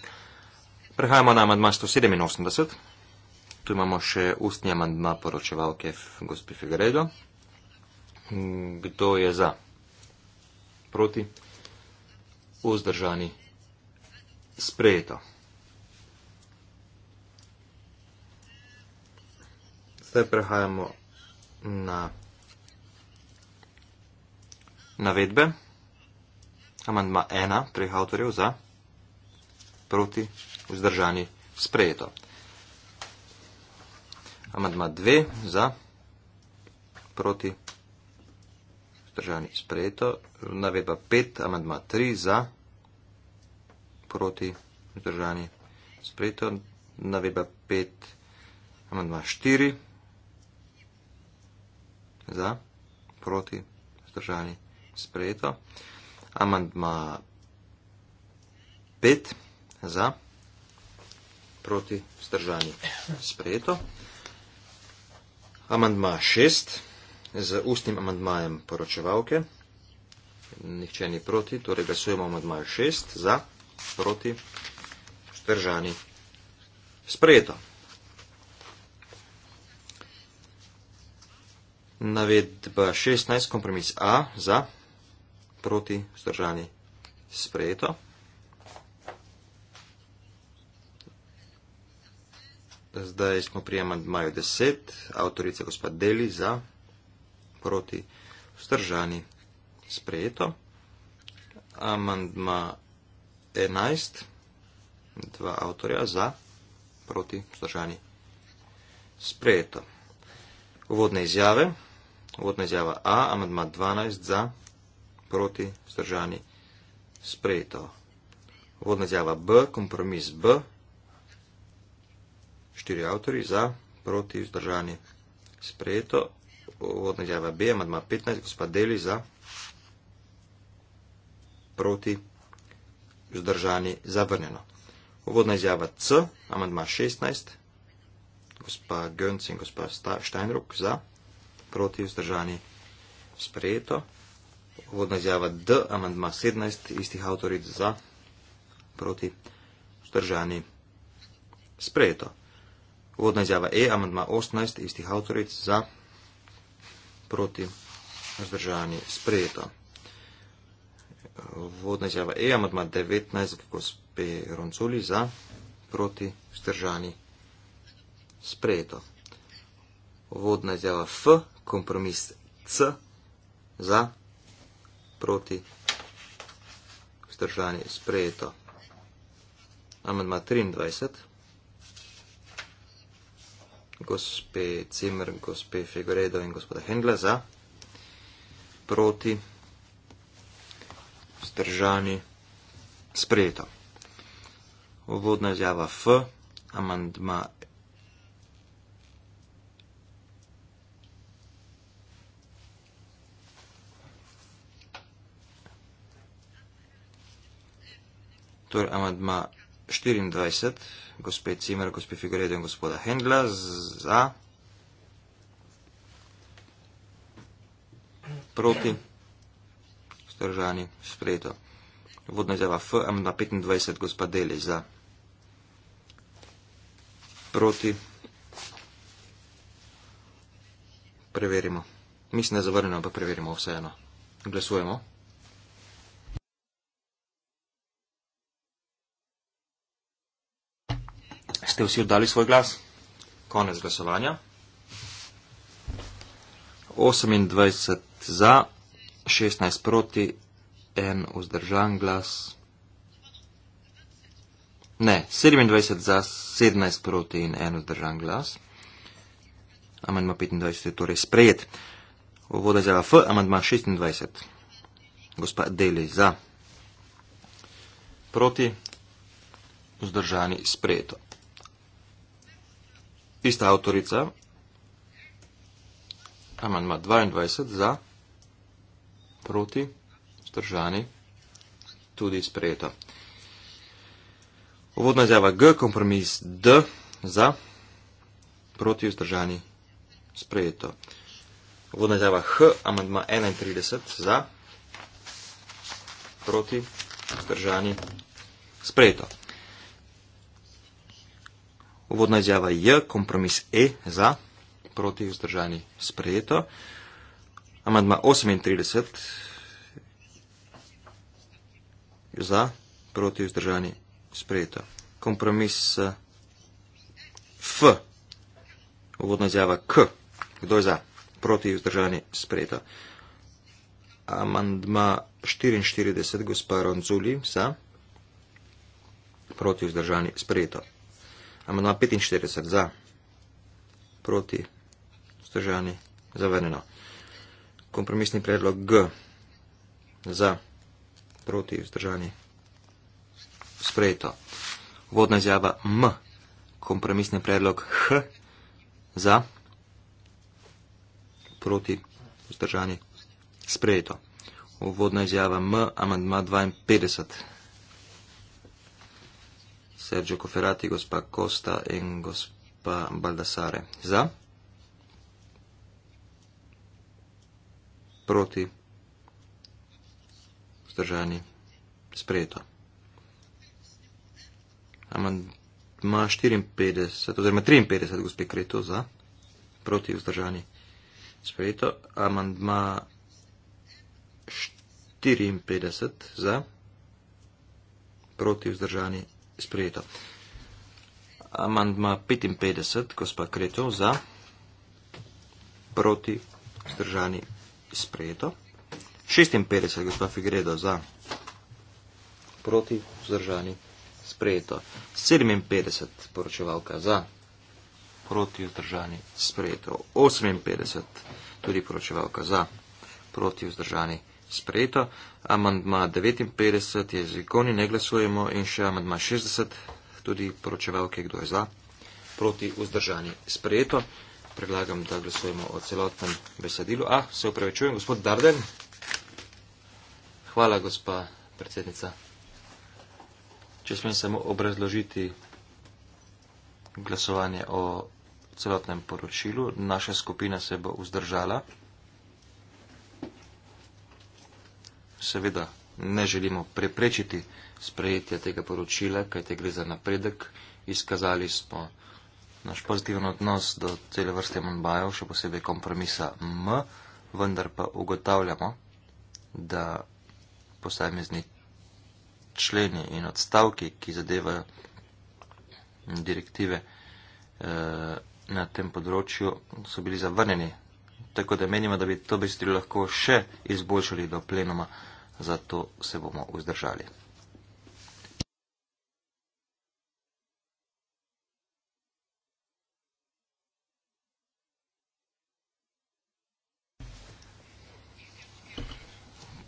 Prehajamo na amandma 187. Tu imamo še ustni amandma poročevalke gospe Figredo. Kdo je za? Proti? Vzdržani? Sprejeto. Zdaj prehajamo na navedbe. Amandma 1 treh avtorjev za, proti, vzdržani, sprejeto. Amandma 2 za, proti, vzdržani, sprejeto. Navedba 5, amandma 3 za, proti, vzdržani, sprejeto. Navedba 5, amandma 4 za, proti, zdržani, sprejeto. Amandma 5 za, proti, zdržani, sprejeto. Amandma 6 z ustnim amandmajem poročevalke. Nihče ni proti, torej glasujemo amandma 6 za, proti, zdržani, sprejeto. Navedba 16, kompromis A za, proti, vzdržani, sprejeto. Zdaj smo pri amandmaju 10, avtorica gospod Deli za, proti, vzdržani, sprejeto. Amandma 11, dva avtorja za, proti, vzdržani, sprejeto. Uvodne izjave. Vodna izjava A, amadma 12 za, proti, vzdržani, sprejeto. Vodna izjava B, kompromis B, štiri avtori za, proti, vzdržani, sprejeto. Vodna izjava B, amadma 15, gospod Deli za, proti, vzdržani, zavrnjeno. Vodna izjava C, amadma 16, gospod Gönc in gospod Steinruck za, proti, vzdržani, zavrnjeno proti vzdržani sprejeto. Vodna izjava D, amandma 17, istih avtoric za, proti vzdržani sprejeto. Vodna izjava E, amandma 18, istih avtoric za, proti vzdržani sprejeto. Vodna izjava E, amandma 19, gospe Ronculi za, proti vzdržani sprejeto. Vodna izjava F, kompromis C za proti vzdržanje sprejeto. Amendma 23. Gospe Cimer, gospe Figoredo in gospoda Hendla za proti vzdržanje sprejeto. Uvodna izjava F, amandma torej amadma 24, gospe Cimer, gospe Figuredo in gospoda Hendla za. Proti, stržani, sprejeto. Vodna izjava F, amadma 25, gospa Deli za. Proti, preverimo. Mislim, da zavrnemo, pa preverimo vseeno. Glasujemo. ste vsi oddali svoj glas? Konec glasovanja. 28 za, 16 proti, en vzdržan glas. Ne, 27 za, 17 proti in en vzdržan glas. Amendma 25 je torej sprejet. Voda za F, amendma 26. Gospa Deli za. Proti. Vzdržani sprejeto ista avtorica, amandma 22 za, proti, vzdržani, tudi sprejeto. Uvodna izjava G, kompromis D, za, proti, vzdržani, sprejeto. Uvodna izjava H, amandma 31 za, proti, vzdržani, sprejeto. Uvodna izjava je, kompromis E za, proti vzdržani sprejeto. Amandma 38 za, proti vzdržani sprejeto. Kompromis eh, F, uvodna izjava K, kdo je za, proti vzdržani sprejeto. Amandma 44, gospa Ronzuli, za, proti vzdržani sprejeto. Amandma 45 za, proti, vzdržani, zavrnjeno. Kompromisni predlog G za, proti, vzdržani, sprejeto. Vodna izjava M. Kompromisni predlog H za, proti, vzdržani, sprejeto. Vodna izjava M. Amandma 52 za. Sergio Coferati, gospa Costa in gospa Baldassare. Za? Proti? Zdržani? Sprejeto. Amandma 54, oziroma 53, gospe Kreto, za? Proti? Zdržani? Sprejeto. Amandma 54, za? Proti? Zdržani? sprejeto. Amandma 55, gospa Kreto, za, proti, zdržani, sprejeto. 56, gospa Figredo, za, proti, zdržani, sprejeto. 57, poročevalka, za, proti, zdržani, sprejeto. 58, tudi poročevalka, za, proti, zdržani, sprejeto sprejeto. Amandma 59, jezikovni, ne glasujemo in še amandma 60, tudi poročevalke, kdo je za, proti vzdržani sprejeto. Predlagam, da glasujemo o celotnem besedilu. Ah, se upravičujem, gospod Darden. Hvala, gospa predsednica. Če smem samo obrazložiti glasovanje o celotnem poročilu, naša skupina se bo vzdržala. seveda ne želimo preprečiti sprejetja tega poročila, kaj te gre za napredek. Izkazali smo naš pozitiven odnos do cele vrste monbajev, še posebej kompromisa M, vendar pa ugotavljamo, da posamezni členi in odstavki, ki zadevajo direktive, eh, na tem področju so bili zavrnjeni tako da menimo, da bi to besedilo lahko še izboljšali do plenoma, zato se bomo vzdržali.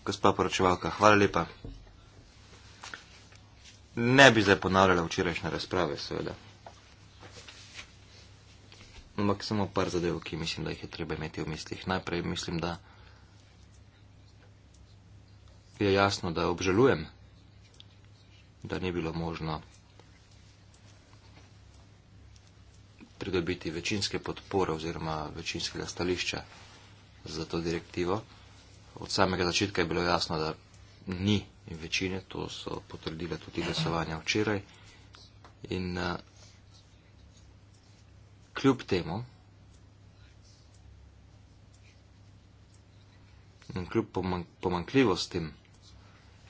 Gospa poročevalka, hvala lepa. Ne bi zdaj ponavljala včerajšnje razprave, seveda. Ampak samo par zadev, ki mislim, da jih je treba imeti v mislih. Najprej mislim, da je jasno, da obžalujem, da ni bilo možno pridobiti večinske podpore oziroma večinskega stališča za to direktivo. Od samega začetka je bilo jasno, da ni večine, to so potrdile tudi glasovanja včeraj. In, uh, kljub temu, in kljub pomank pomankljivostim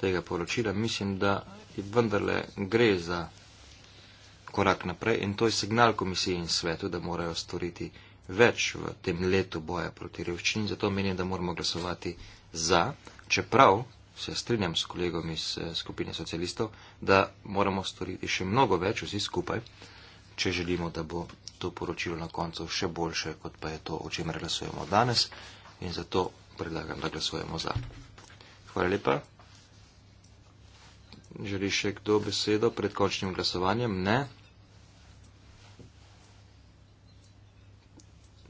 tega poročila, mislim, da vendarle gre za korak naprej in to je signal komisiji in svetu, da morajo storiti več v tem letu boja proti revščini. Zato menim, da moramo glasovati za, čeprav se strinjam s kolegom iz eh, skupine socialistov, da moramo storiti še mnogo več vsi skupaj, če želimo, da bo to poročilo na koncu še boljše, kot pa je to, o čem glasujemo danes in zato predlagam, da glasujemo za. Hvala lepa. Želi še kdo besedo pred končnim glasovanjem? Ne.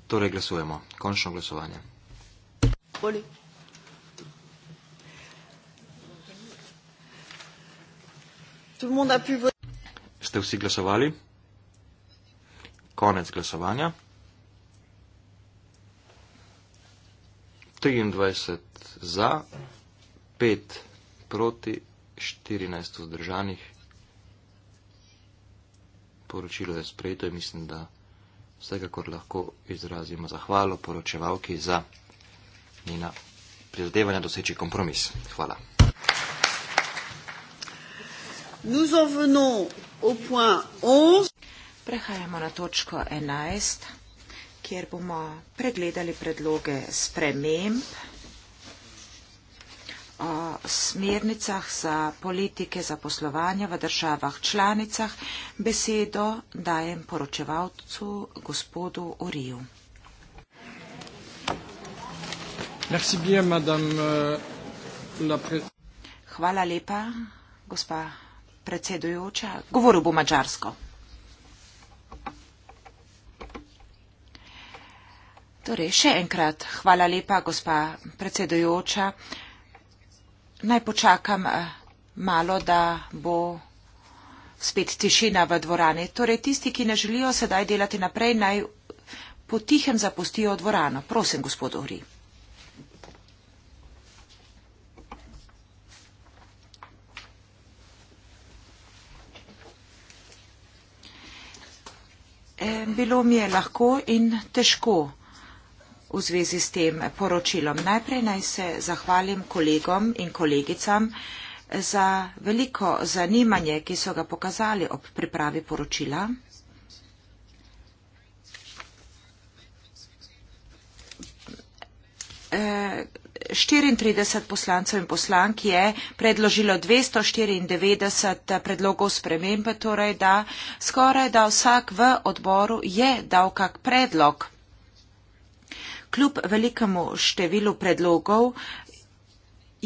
Torej glasujemo. Končno glasovanje. Poli. Ste vsi glasovali? konec glasovanja. 23 za, 5 proti, 14 vzdržanih. Poročilo je sprejeto in mislim, da vsekakor lahko izrazimo zahvalo poročevalki za njena prizadevanja doseči kompromis. Hvala. Nous en venons au point 11. Prehajamo na točko 11, kjer bomo pregledali predloge sprememb o smernicah za politike za poslovanje v državah članicah. Besedo dajem poročevalcu gospodu Uriju. Euh, Hvala lepa, gospa predsedujoča. Govoril bo mačarsko. Torej, še enkrat hvala lepa, gospa predsedujoča. Naj počakam eh, malo, da bo spet tišina v dvorani. Torej, tisti, ki ne želijo sedaj delati naprej, naj potihem zapustijo dvorano. Prosim, gospod Ori. Eh, bilo mi je lahko in težko v zvezi s tem poročilom. Najprej naj se zahvalim kolegom in kolegicam za veliko zanimanje, ki so ga pokazali ob pripravi poročila. E, 34 poslancev in poslank je predložilo 294 predlogov spremembe, torej da skoraj da vsak v odboru je dal kak predlog Kljub velikemu številu predlogov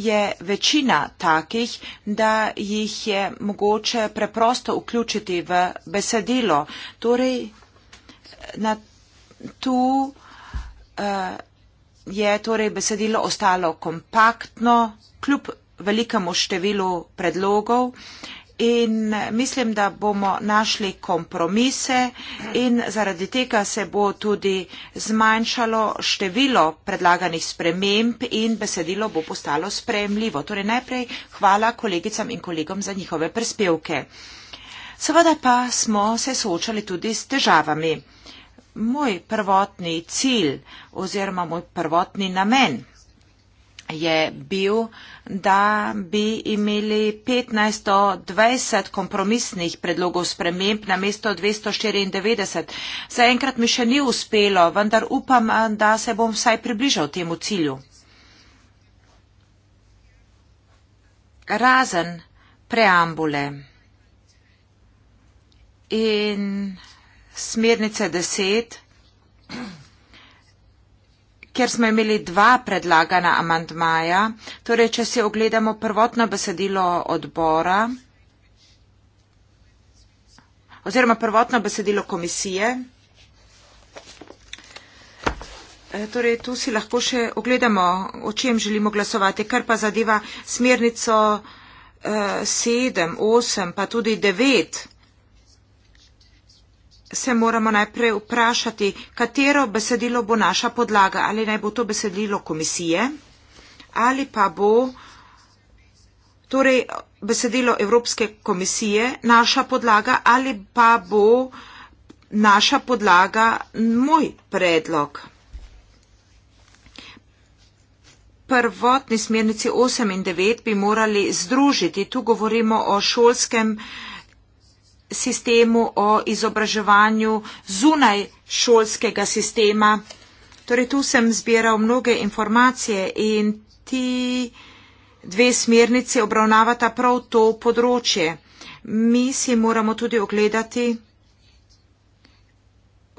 je večina takih, da jih je mogoče preprosto vključiti v besedilo. Torej, na tu uh, je torej besedilo ostalo kompaktno, kljub velikemu številu predlogov in mislim, da bomo našli kompromise in zaradi tega se bo tudi zmanjšalo število predlaganih sprememb in besedilo bo postalo spremljivo. Torej najprej hvala kolegicam in kolegom za njihove prispevke. Seveda pa smo se soočali tudi s težavami. Moj prvotni cilj oziroma moj prvotni namen je bil, da bi imeli 1520 kompromisnih predlogov sprememb na mesto 294. Zaenkrat mi še ni uspelo, vendar upam, da se bom vsaj približal temu cilju. Razen preambule in smernice 10 ker smo imeli dva predlagana amantmaja. Torej, če si ogledamo prvotno besedilo odbora oziroma prvotno besedilo komisije, eh, Torej, tu si lahko še ogledamo, o čem želimo glasovati, kar pa zadeva smernico eh, 7, 8, pa tudi 9 se moramo najprej vprašati, katero besedilo bo naša podlaga, ali naj bo to besedilo komisije, ali pa bo torej besedilo Evropske komisije naša podlaga, ali pa bo naša podlaga moj predlog. Prvotni smernici 8 in 9 bi morali združiti, tu govorimo o šolskem predlogu, sistemu, o izobraževanju zunaj šolskega sistema. Torej, tu sem zbiral mnoge informacije in ti dve smernici obravnavata prav to področje. Mi si moramo tudi ogledati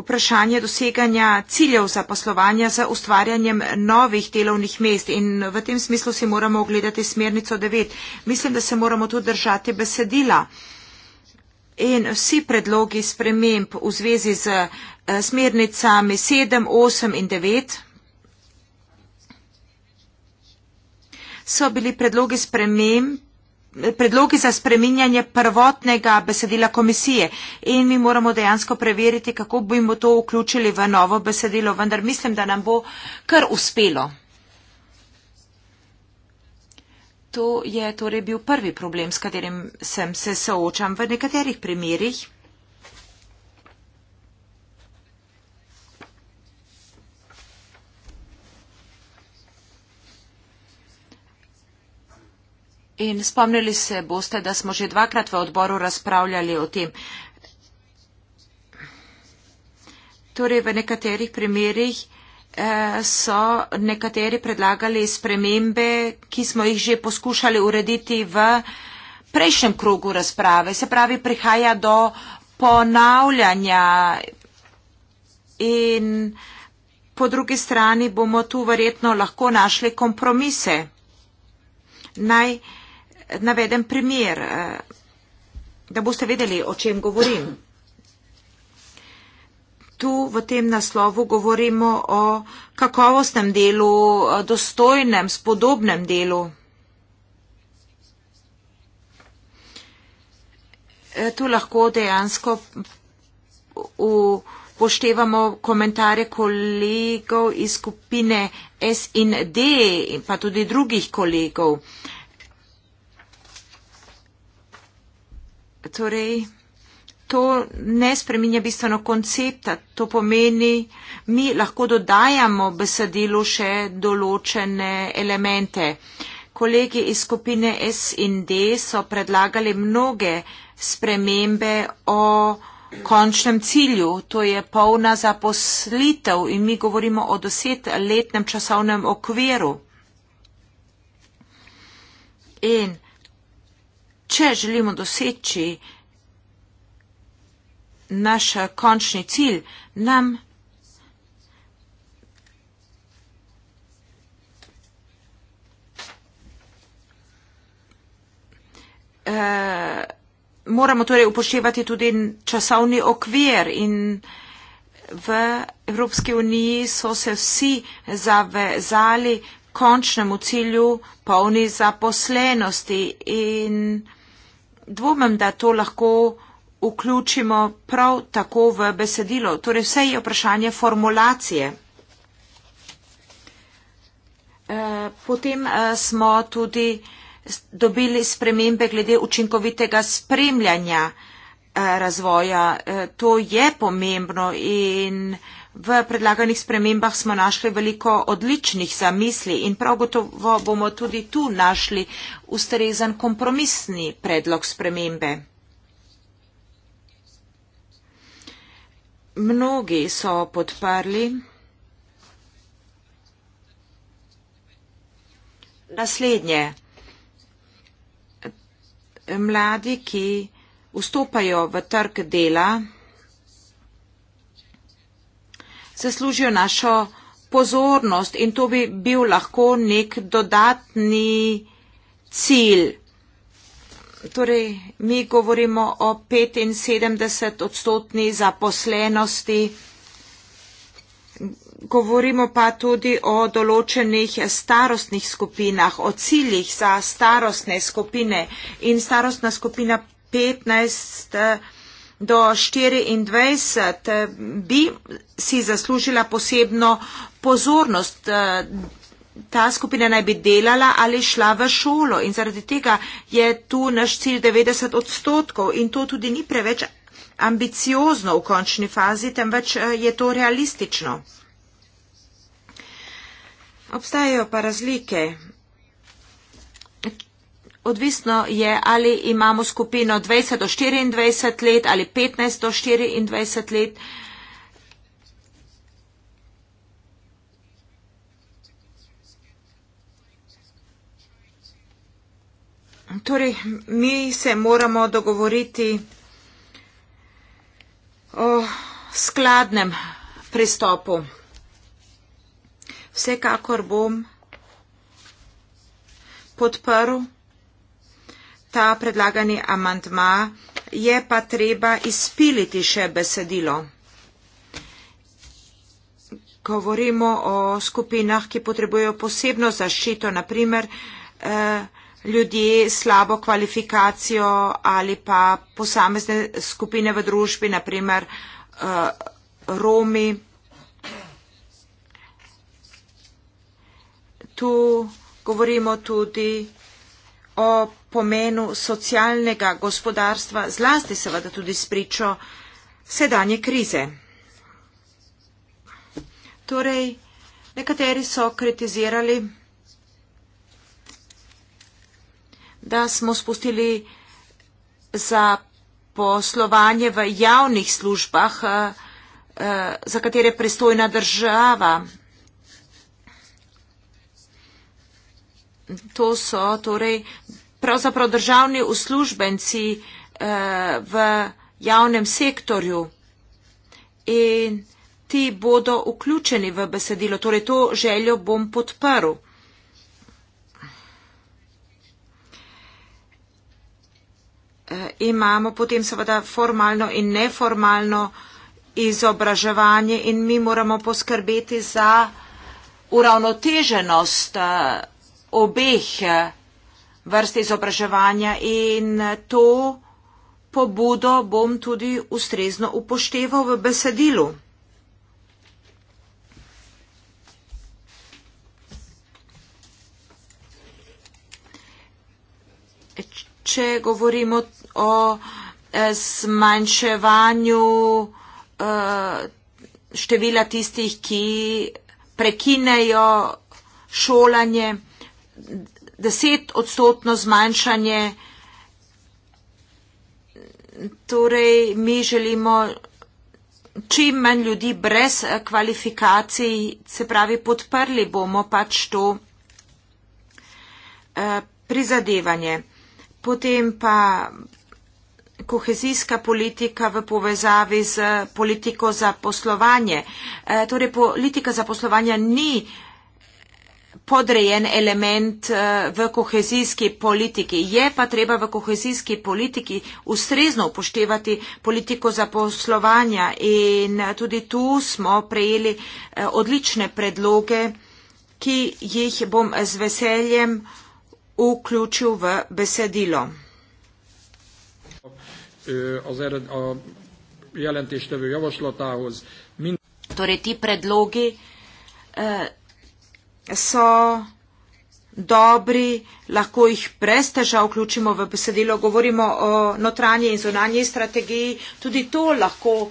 vprašanje doseganja ciljev zaposlovanja za ustvarjanjem novih delovnih mest in v tem smislu si moramo ogledati smernico 9. Mislim, da se moramo tu držati besedila in vsi predlogi sprememb v zvezi z eh, smernicami 7, 8 in 9 so bili predlogi sprememb predlogi za spreminjanje prvotnega besedila komisije in mi moramo dejansko preveriti, kako bomo to vključili v novo besedilo, vendar mislim, da nam bo kar uspelo. to je torej bil prvi problem, s katerim sem se soočam v nekaterih primerjih. In spomnili se boste, da smo že dvakrat v odboru razpravljali o tem. Torej, v nekaterih primerjih Eh, so nekateri predlagali spremembe, ki smo jih že poskušali urediti v prejšnjem krogu razprave. Se pravi, prihaja do ponavljanja in po drugi strani bomo tu verjetno lahko našli kompromise. Naj navedem primer, eh, da boste vedeli, o čem govorim tu v tem naslovu govorimo o kakovostnem delu, dostojnem, spodobnem delu. E, tu lahko dejansko upoštevamo komentarje kolegov iz skupine SND in pa tudi drugih kolegov. Torej, to ne spreminja bistveno koncepta. To pomeni, mi lahko dodajamo besedilu še določene elemente. Kolegi iz skupine S in D so predlagali mnoge spremembe o končnem cilju, to je polna zaposlitev in mi govorimo o desetletnem časovnem okviru. In če želimo doseči naš končni cilj. Nam eh, moramo torej upoštevati tudi časovni okvir in v Evropski uniji so se vsi zavezali končnemu cilju polni zaposlenosti in dvomem, da to lahko vsega vključimo prav tako v besedilo. Torej vse je vprašanje formulacije. Eh, potem eh, smo tudi dobili spremembe glede učinkovitega spremljanja eh, razvoja. To je pomembno in v predlaganih spremembah smo našli veliko odličnih zamisli in prav gotovo bomo tudi tu našli ustrezen kompromisni predlog spremembe. Mnogi so podparli. Naslednje. Mladi, ki vstopajo v trg dela, zaslužijo našo pozornost in to bi bil lahko nek dodatni cilj torej mi govorimo o 75 odstotni zaposlenosti, govorimo pa tudi o določenih starostnih skupinah, o ciljih za starostne skupine in starostna skupina 15 do 24 bi si zaslužila posebno pozornost ta skupina naj bi delala ali šla v šolo in zaradi tega je tu naš cilj 90 odstotkov in to tudi ni preveč ambiciozno v končni fazi, temveč eh, je to realistično. Obstajajo pa razlike. Odvisno je, ali imamo skupino 20 do 24 let ali 15 do 24 let. Torej, mi se moramo dogovoriti o skladnem pristopu. Vsekakor bom podprl ta predlagani amantma, je pa treba izpiliti še besedilo. Govorimo o skupinah, ki potrebujo posebno zaščito, naprimer eh, ljudje s slabo kvalifikacijo ali pa posamezne skupine v družbi, naprimer eh, Romi. Tu govorimo tudi o pomenu socialnega gospodarstva, zlasti seveda tudi spričo sedanje krize. Torej, nekateri so kritizirali, da smo spustili za poslovanje v javnih službah, eh, eh, za katere pristojna država. To so torej pravzaprav državni uslužbenci eh, v javnem sektorju in ti bodo vključeni v besedilo, torej to željo bom podprl. Eh, imamo potem seveda formalno in neformalno izobraževanje in mi moramo poskrbeti za uravnoteženost eh, obeh eh, vrst izobraževanja in to pobudo bom tudi ustrezno upošteval v besedilu. če govorimo o eh, zmanjševanju eh, števila tistih, ki prekinejo šolanje, deset odstotno zmanjšanje. Torej, mi želimo čim manj ljudi brez eh, kvalifikacij, se pravi, podprli bomo pač to prizadevanje potem pa kohezijska politika v povezavi z politiko za poslovanje. E, torej, politika za poslovanje ni podrejen element eh, v kohezijski politiki. Je pa treba v kohezijski politiki ustrezno upoštevati politiko za poslovanja in tudi tu smo prejeli eh, odlične predloge, ki jih bom z veseljem vključil v besedilo. Eh, torej ti predlogi eh, so dobri, lahko jih brez težav vključimo v besedilo, govorimo o notranji in zunanji strategiji, tudi to lahko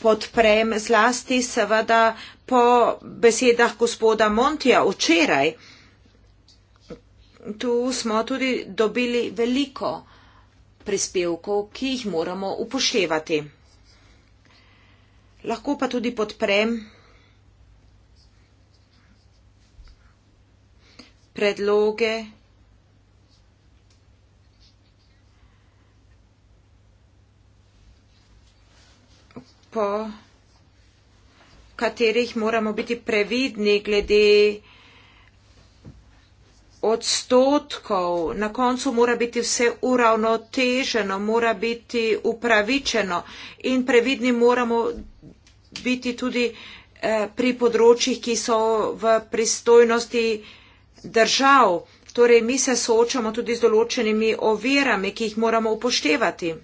podprem zlasti seveda po besedah gospoda Montija včeraj tu smo tudi dobili veliko prispevkov, ki jih moramo upoštevati. Lahko pa tudi podprem predloge po katerih moramo biti previdni glede odstotkov, na koncu mora biti vse uravnoteženo, mora biti upravičeno in previdni moramo biti tudi eh, pri področjih, ki so v pristojnosti držav. Torej, mi se soočamo tudi z določenimi ovirami, ki jih moramo upoštevati.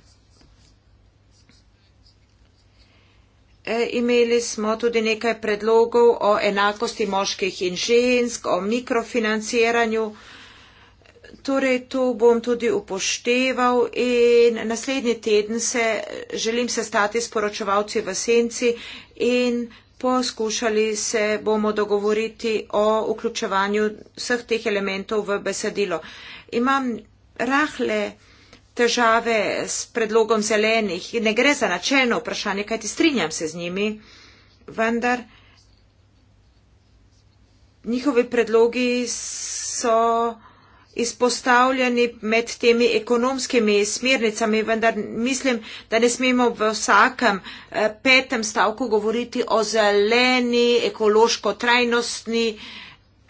E, imeli smo tudi nekaj predlogov o enakosti moških in žensk, o mikrofinanciranju. Torej, to bom tudi upošteval in naslednji teden se želim sestati s poročevalci v Senci in poskušali se bomo dogovoriti o vključevanju vseh teh elementov v besedilo. Imam rahle težave s predlogom zelenih in ne gre za načelno vprašanje, kajti strinjam se z njimi, vendar njihovi predlogi so izpostavljeni med temi ekonomskimi smernicami, vendar mislim, da ne smemo v vsakem eh, petem stavku govoriti o zeleni, ekološko trajnostni eh,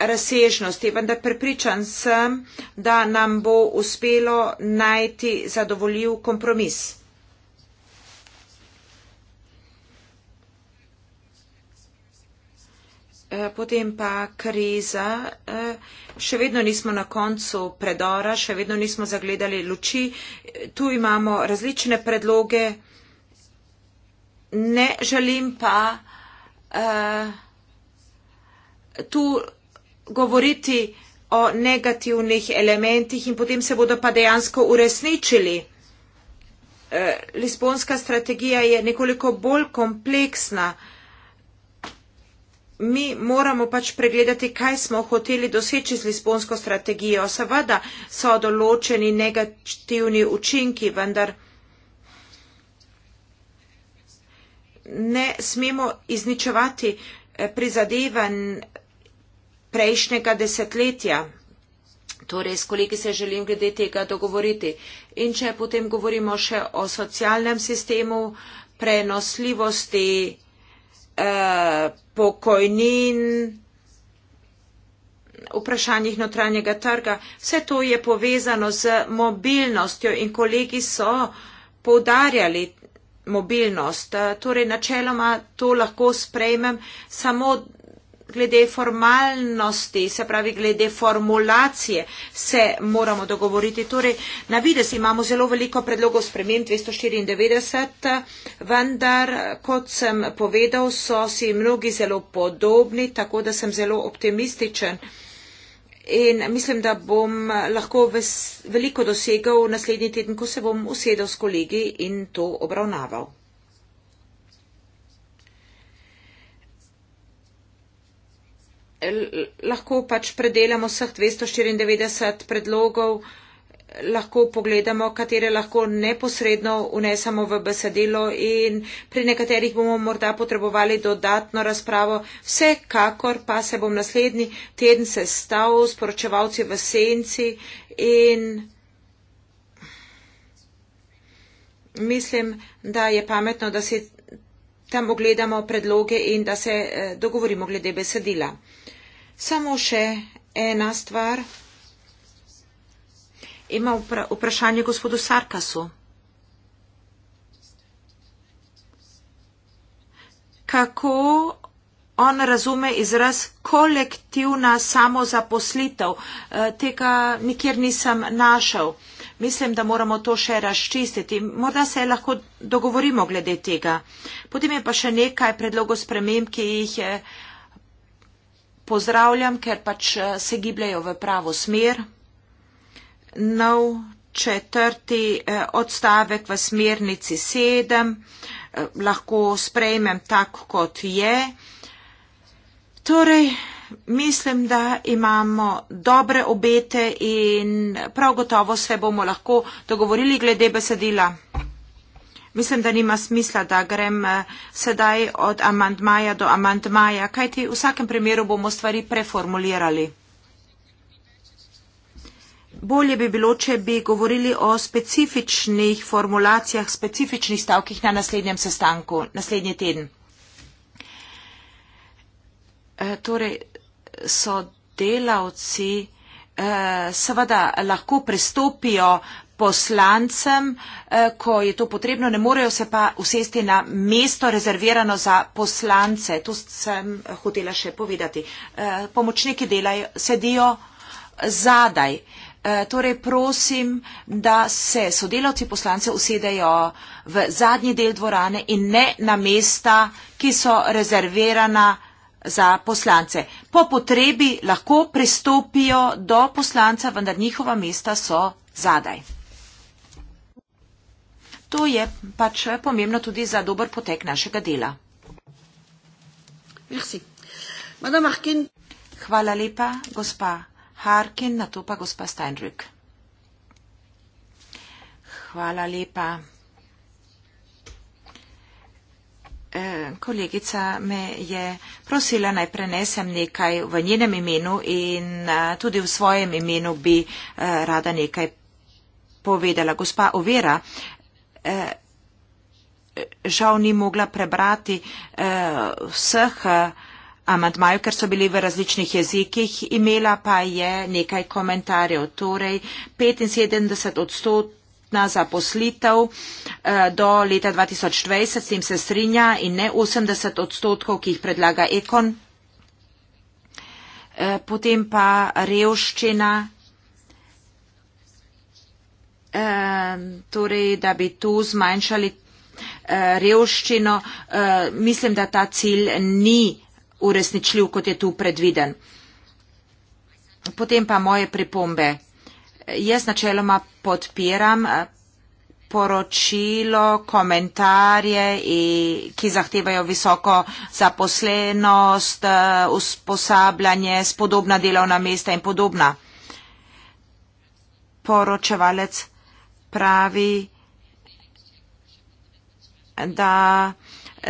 razsežnosti, vendar prepričan sem, da nam bo uspelo najti zadovoljiv kompromis. Eh, potem pa kriza. Eh, še vedno nismo na koncu predora, še vedno nismo zagledali luči. Eh, tu imamo različne predloge. Ne želim pa uh, tu govoriti o negativnih elementih in potem se bodo pa dejansko uresničili. Eh, Lisbonska strategija je nekoliko bolj kompleksna. Mi moramo pač pregledati, kaj smo hoteli doseči z Lisbonsko strategijo. Seveda so določeni negativni učinki, vendar ne smemo izničevati eh, prizadevanj prejšnjega desetletja. Torej, s kolegi se želim glede tega dogovoriti. In če potem govorimo še o socialnem sistemu, prenosljivosti eh, pokojnin, vprašanjih notranjega trga, vse to je povezano z mobilnostjo in kolegi so poudarjali mobilnost. Torej, načeloma to lahko sprejmem samo glede formalnosti, se pravi glede formulacije, se moramo dogovoriti. Torej, na vides imamo zelo veliko predlogov spremen 294, vendar, kot sem povedal, so si mnogi zelo podobni, tako da sem zelo optimističen. In mislim, da bom lahko ves, veliko dosegal naslednji teden, ko se bom usedel s kolegi in to obravnaval. lahko pač predelamo vseh 294 predlogov, lahko pogledamo, katere lahko neposredno unesamo v besedilo in pri nekaterih bomo morda potrebovali dodatno razpravo. Vsekakor pa se bom naslednji teden sestal s poročevalci v senci in mislim, da je pametno, da si tam ogledamo predloge in da se eh, dogovorimo glede besedila. Samo še ena stvar. Ima vpra vprašanje gospodu Sarkasu. Kako on razume izraz kolektivna samozaposlitev? E, tega nikjer nisem našel. Mislim, da moramo to še razčistiti. Morda se lahko dogovorimo glede tega. Potem je pa še nekaj predlogov sprememb, ki jih je pozdravljam, ker pač eh, se gibljajo v pravo smer. Nov četrti eh, odstavek v smernici sedem eh, lahko sprejmem tako, kot je. Torej, mislim, da imamo dobre obete in prav gotovo se bomo lahko dogovorili glede besedila. Mislim, da nima smisla, da grem eh, sedaj od amantmaja do amantmaja, kajti v vsakem primeru bomo stvari preformulirali. Bolje bi bilo, če bi govorili o specifičnih formulacijah, specifičnih stavkih na naslednjem sestanku, naslednji teden. Eh, torej, so delavci eh, seveda lahko prestopijo poslancem, eh, ko je to potrebno, ne morejo se pa usesti na mesto rezervirano za poslance. To sem eh, hotela še povedati. Eh, pomočniki delajo, sedijo zadaj. Torej prosim, da se sodelavci poslance usedejo v zadnji del dvorane in ne na mesta, ki so rezervirana za poslance. Po potrebi lahko pristopijo do poslanca, vendar njihova mesta so zadaj. To je pač pomembno tudi za dober potek našega dela. Merci. Madame Harkin. Hvala lepa, gospa Harkin, na to pa gospa Steinrück. Hvala lepa. E, kolegica me je prosila, naj prenesem nekaj v njenem imenu in e, tudi v svojem imenu bi e, rada nekaj povedala. Gospa Overa Eh, žal ni mogla prebrati eh, vseh eh, amantmajo, ker so bili v različnih jezikih, imela pa je nekaj komentarjev. Torej, 75 odstotna zaposlitev do leta 2020, s tem se strinja, in ne 80 odstotkov, ki jih predlaga Ekon. Potem pa revščina. Um, torej, da bi tu zmanjšali eh, revščino, eh, mislim, da ta cilj ni uresničljiv, kot je tu predviden. Potem pa moje pripombe. Jaz načeloma podpiram eh, poročilo, komentarje, ki zahtevajo visoko zaposlenost, usposabljanje, spodobna delovna mesta in podobna. Poročevalec pravi, da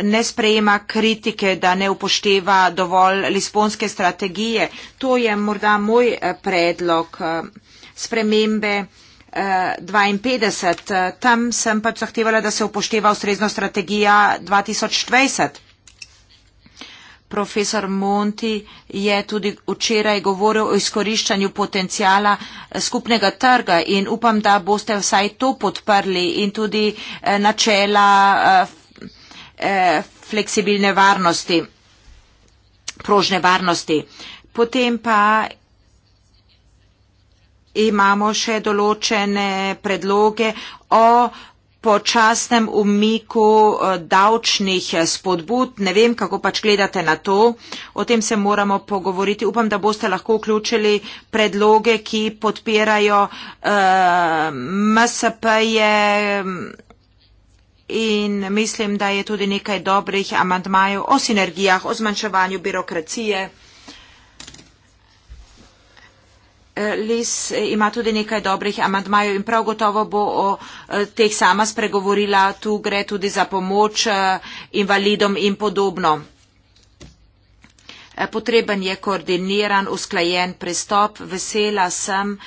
ne sprejema kritike, da ne upošteva dovolj lisponske strategije. To je morda moj eh, predlog eh, spremembe 52. Eh, tam sem pač zahtevala, da se upošteva ustrezno strategija 2020 profesor Monti je tudi včeraj govoril o izkoriščanju potencijala eh, skupnega trga in upam, da boste vsaj to podprli in tudi eh, načela eh, fleksibilne varnosti, prožne varnosti. Potem pa imamo še določene predloge o počasnem umiku eh, davčnih eh, spodbud. Ne vem, kako pač gledate na to. O tem se moramo pogovoriti. Upam, da boste lahko vključili predloge, ki podpirajo uh, eh, MSP-je mm, in mislim, da je tudi nekaj dobrih amantmajev o sinergijah, o zmanjševanju birokracije. Les eh, ima tudi nekaj dobrih amantmajev in prav gotovo bo o eh, teh sama spregovorila. Tu gre tudi za pomoč eh, invalidom in podobno. Potreben je koordiniran, usklajen pristop. Vesela sem,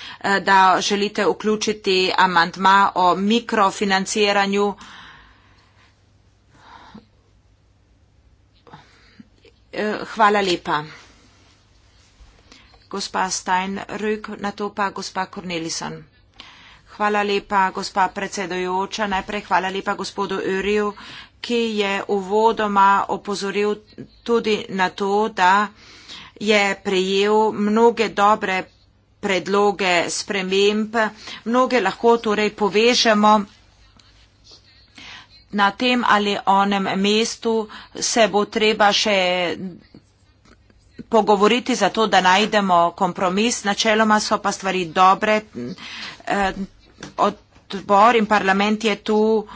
da želite vključiti amantma o mikrofinanciranju. Hvala lepa gospa Steinrück, na to pa gospa Cornelison. Hvala lepa, gospa predsedojoča. Najprej hvala lepa gospodu Öriju, ki je uvodoma opozoril tudi na to, da je prejel mnoge dobre predloge sprememb. Mnoge lahko torej povežemo na tem ali onem mestu, se bo treba še pogovoriti za to, da najdemo kompromis. Načeloma so pa stvari dobre. Eh, odbor in parlament je tu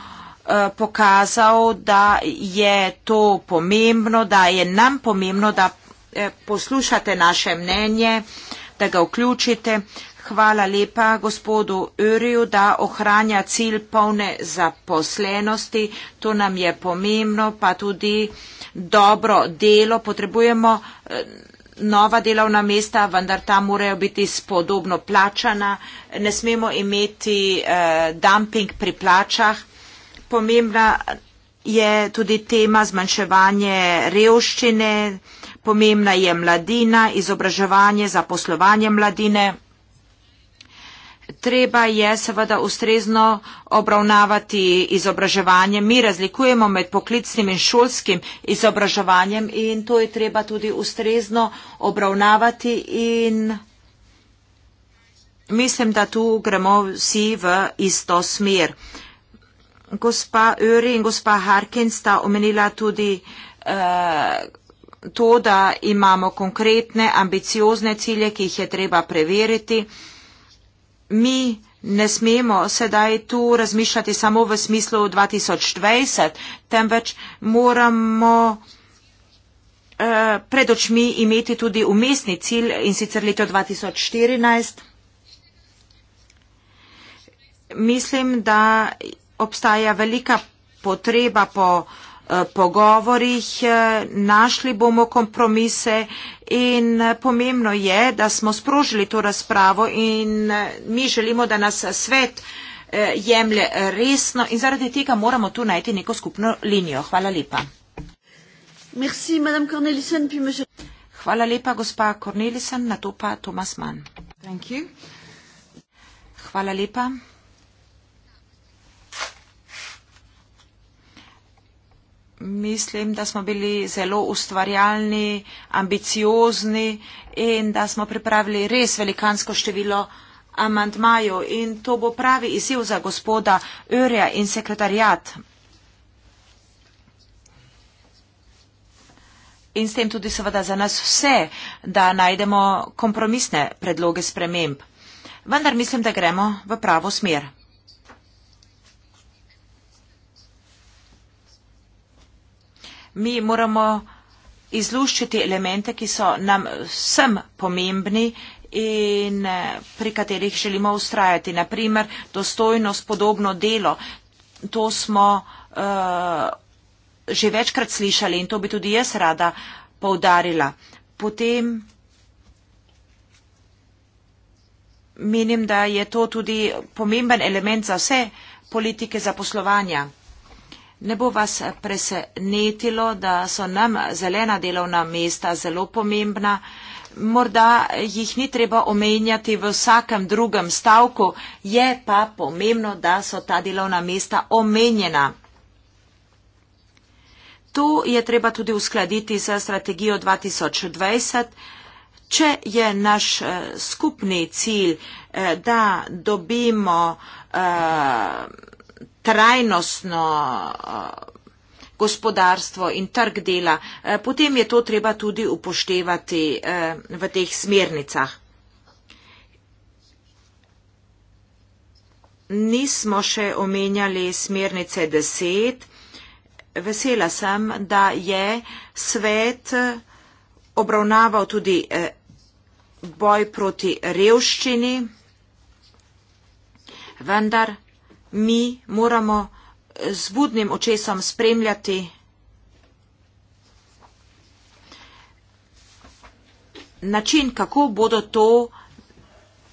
eh, pokazal, da je to pomembno, da je nam pomembno, da eh, poslušate naše mnenje, da ga vključite. Hvala lepa gospodu Öriju, da ohranja cilj polne zaposlenosti. To nam je pomembno, pa tudi uh, dobro delo, potrebujemo eh, nova delovna mesta, vendar ta morajo biti spodobno plačana, ne smemo imeti eh, dumping pri plačah. Pomembna je tudi tema zmanjševanje revščine, pomembna je mladina, izobraževanje za poslovanje mladine treba je seveda ustrezno obravnavati izobraževanje. Mi razlikujemo med poklicnim in šolskim izobraževanjem in to je treba tudi ustrezno obravnavati in mislim, da tu gremo vsi v isto smer. Gospa Öri in gospa Harkin sta omenila tudi uh, to, da imamo konkretne, ambiciozne cilje, ki jih je treba preveriti. Uh, mi ne smemo sedaj tu razmišljati samo v smislu 2020, temveč moramo eh, pred očmi imeti tudi umestni cilj in sicer leto 2014. Mislim, da obstaja velika potreba po eh, Eh, pogovorih, eh, našli bomo kompromise in eh, pomembno je, da smo sprožili to razpravo in mi želimo, da nas svet jemlje resno in zaradi tega moramo tu najti neko skupno linijo. Hvala lepa. Merci, madame Cornelissen, puis monsieur. Hvala lepa, gospa Cornelissen, na to pa Tomas Mann. Thank you. Hvala lepa. mislim, da smo bili zelo ustvarjalni, ambiciozni in da smo pripravili res velikansko število amantmajo in to bo pravi izjiv za gospoda Örja in sekretarjat. In s tem tudi seveda za nas vse, da najdemo kompromisne predloge sprememb. Vendar mislim, da gremo v pravo smer. mi moramo izluščiti elemente, ki so nam vsem pomembni in eh, pri katerih želimo ustrajati. Naprimer, dostojnost, podobno delo. To smo uh, že večkrat slišali in to bi tudi jaz rada poudarila. Potem menim, da je to tudi pomemben element za vse politike zaposlovanja. Ne bo vas presenetilo, da so nam zelena delovna mesta zelo pomembna. Morda jih ni treba omenjati v vsakem drugem stavku, je pa pomembno, da so ta delovna mesta omenjena. To je treba tudi uskladiti z strategijo 2020. Če je naš eh, skupni cilj, eh, da dobimo. Uh, trajnostno eh, gospodarstvo in trg dela, eh, potem je to treba tudi upoštevati eh, v teh smernicah. Nismo še omenjali smernice 10. Vesela sem, da je svet obravnaval tudi boj proti revščini, vendar mi moramo z budnim očesom spremljati način, kako bodo to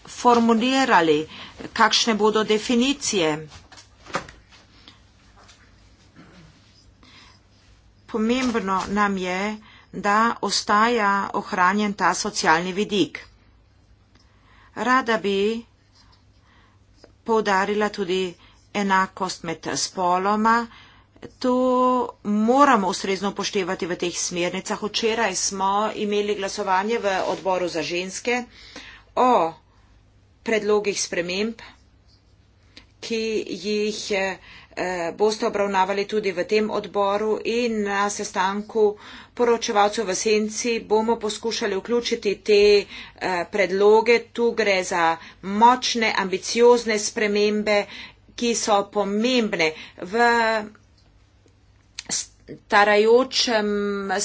formulirali, kakšne bodo definicije. Pomembno nam je, da ostaja ohranjen ta socialni vidik. Rada bi poudarila tudi enakost med spoloma. To moramo ustrezno upoštevati v teh smernicah. Včeraj smo imeli glasovanje v odboru za ženske o predlogih sprememb, ki jih eh, boste obravnavali tudi v tem odboru in na sestanku poročevalcev v senci bomo poskušali vključiti te eh, predloge. Tu gre za močne, ambiciozne spremembe ki so pomembne v starajočem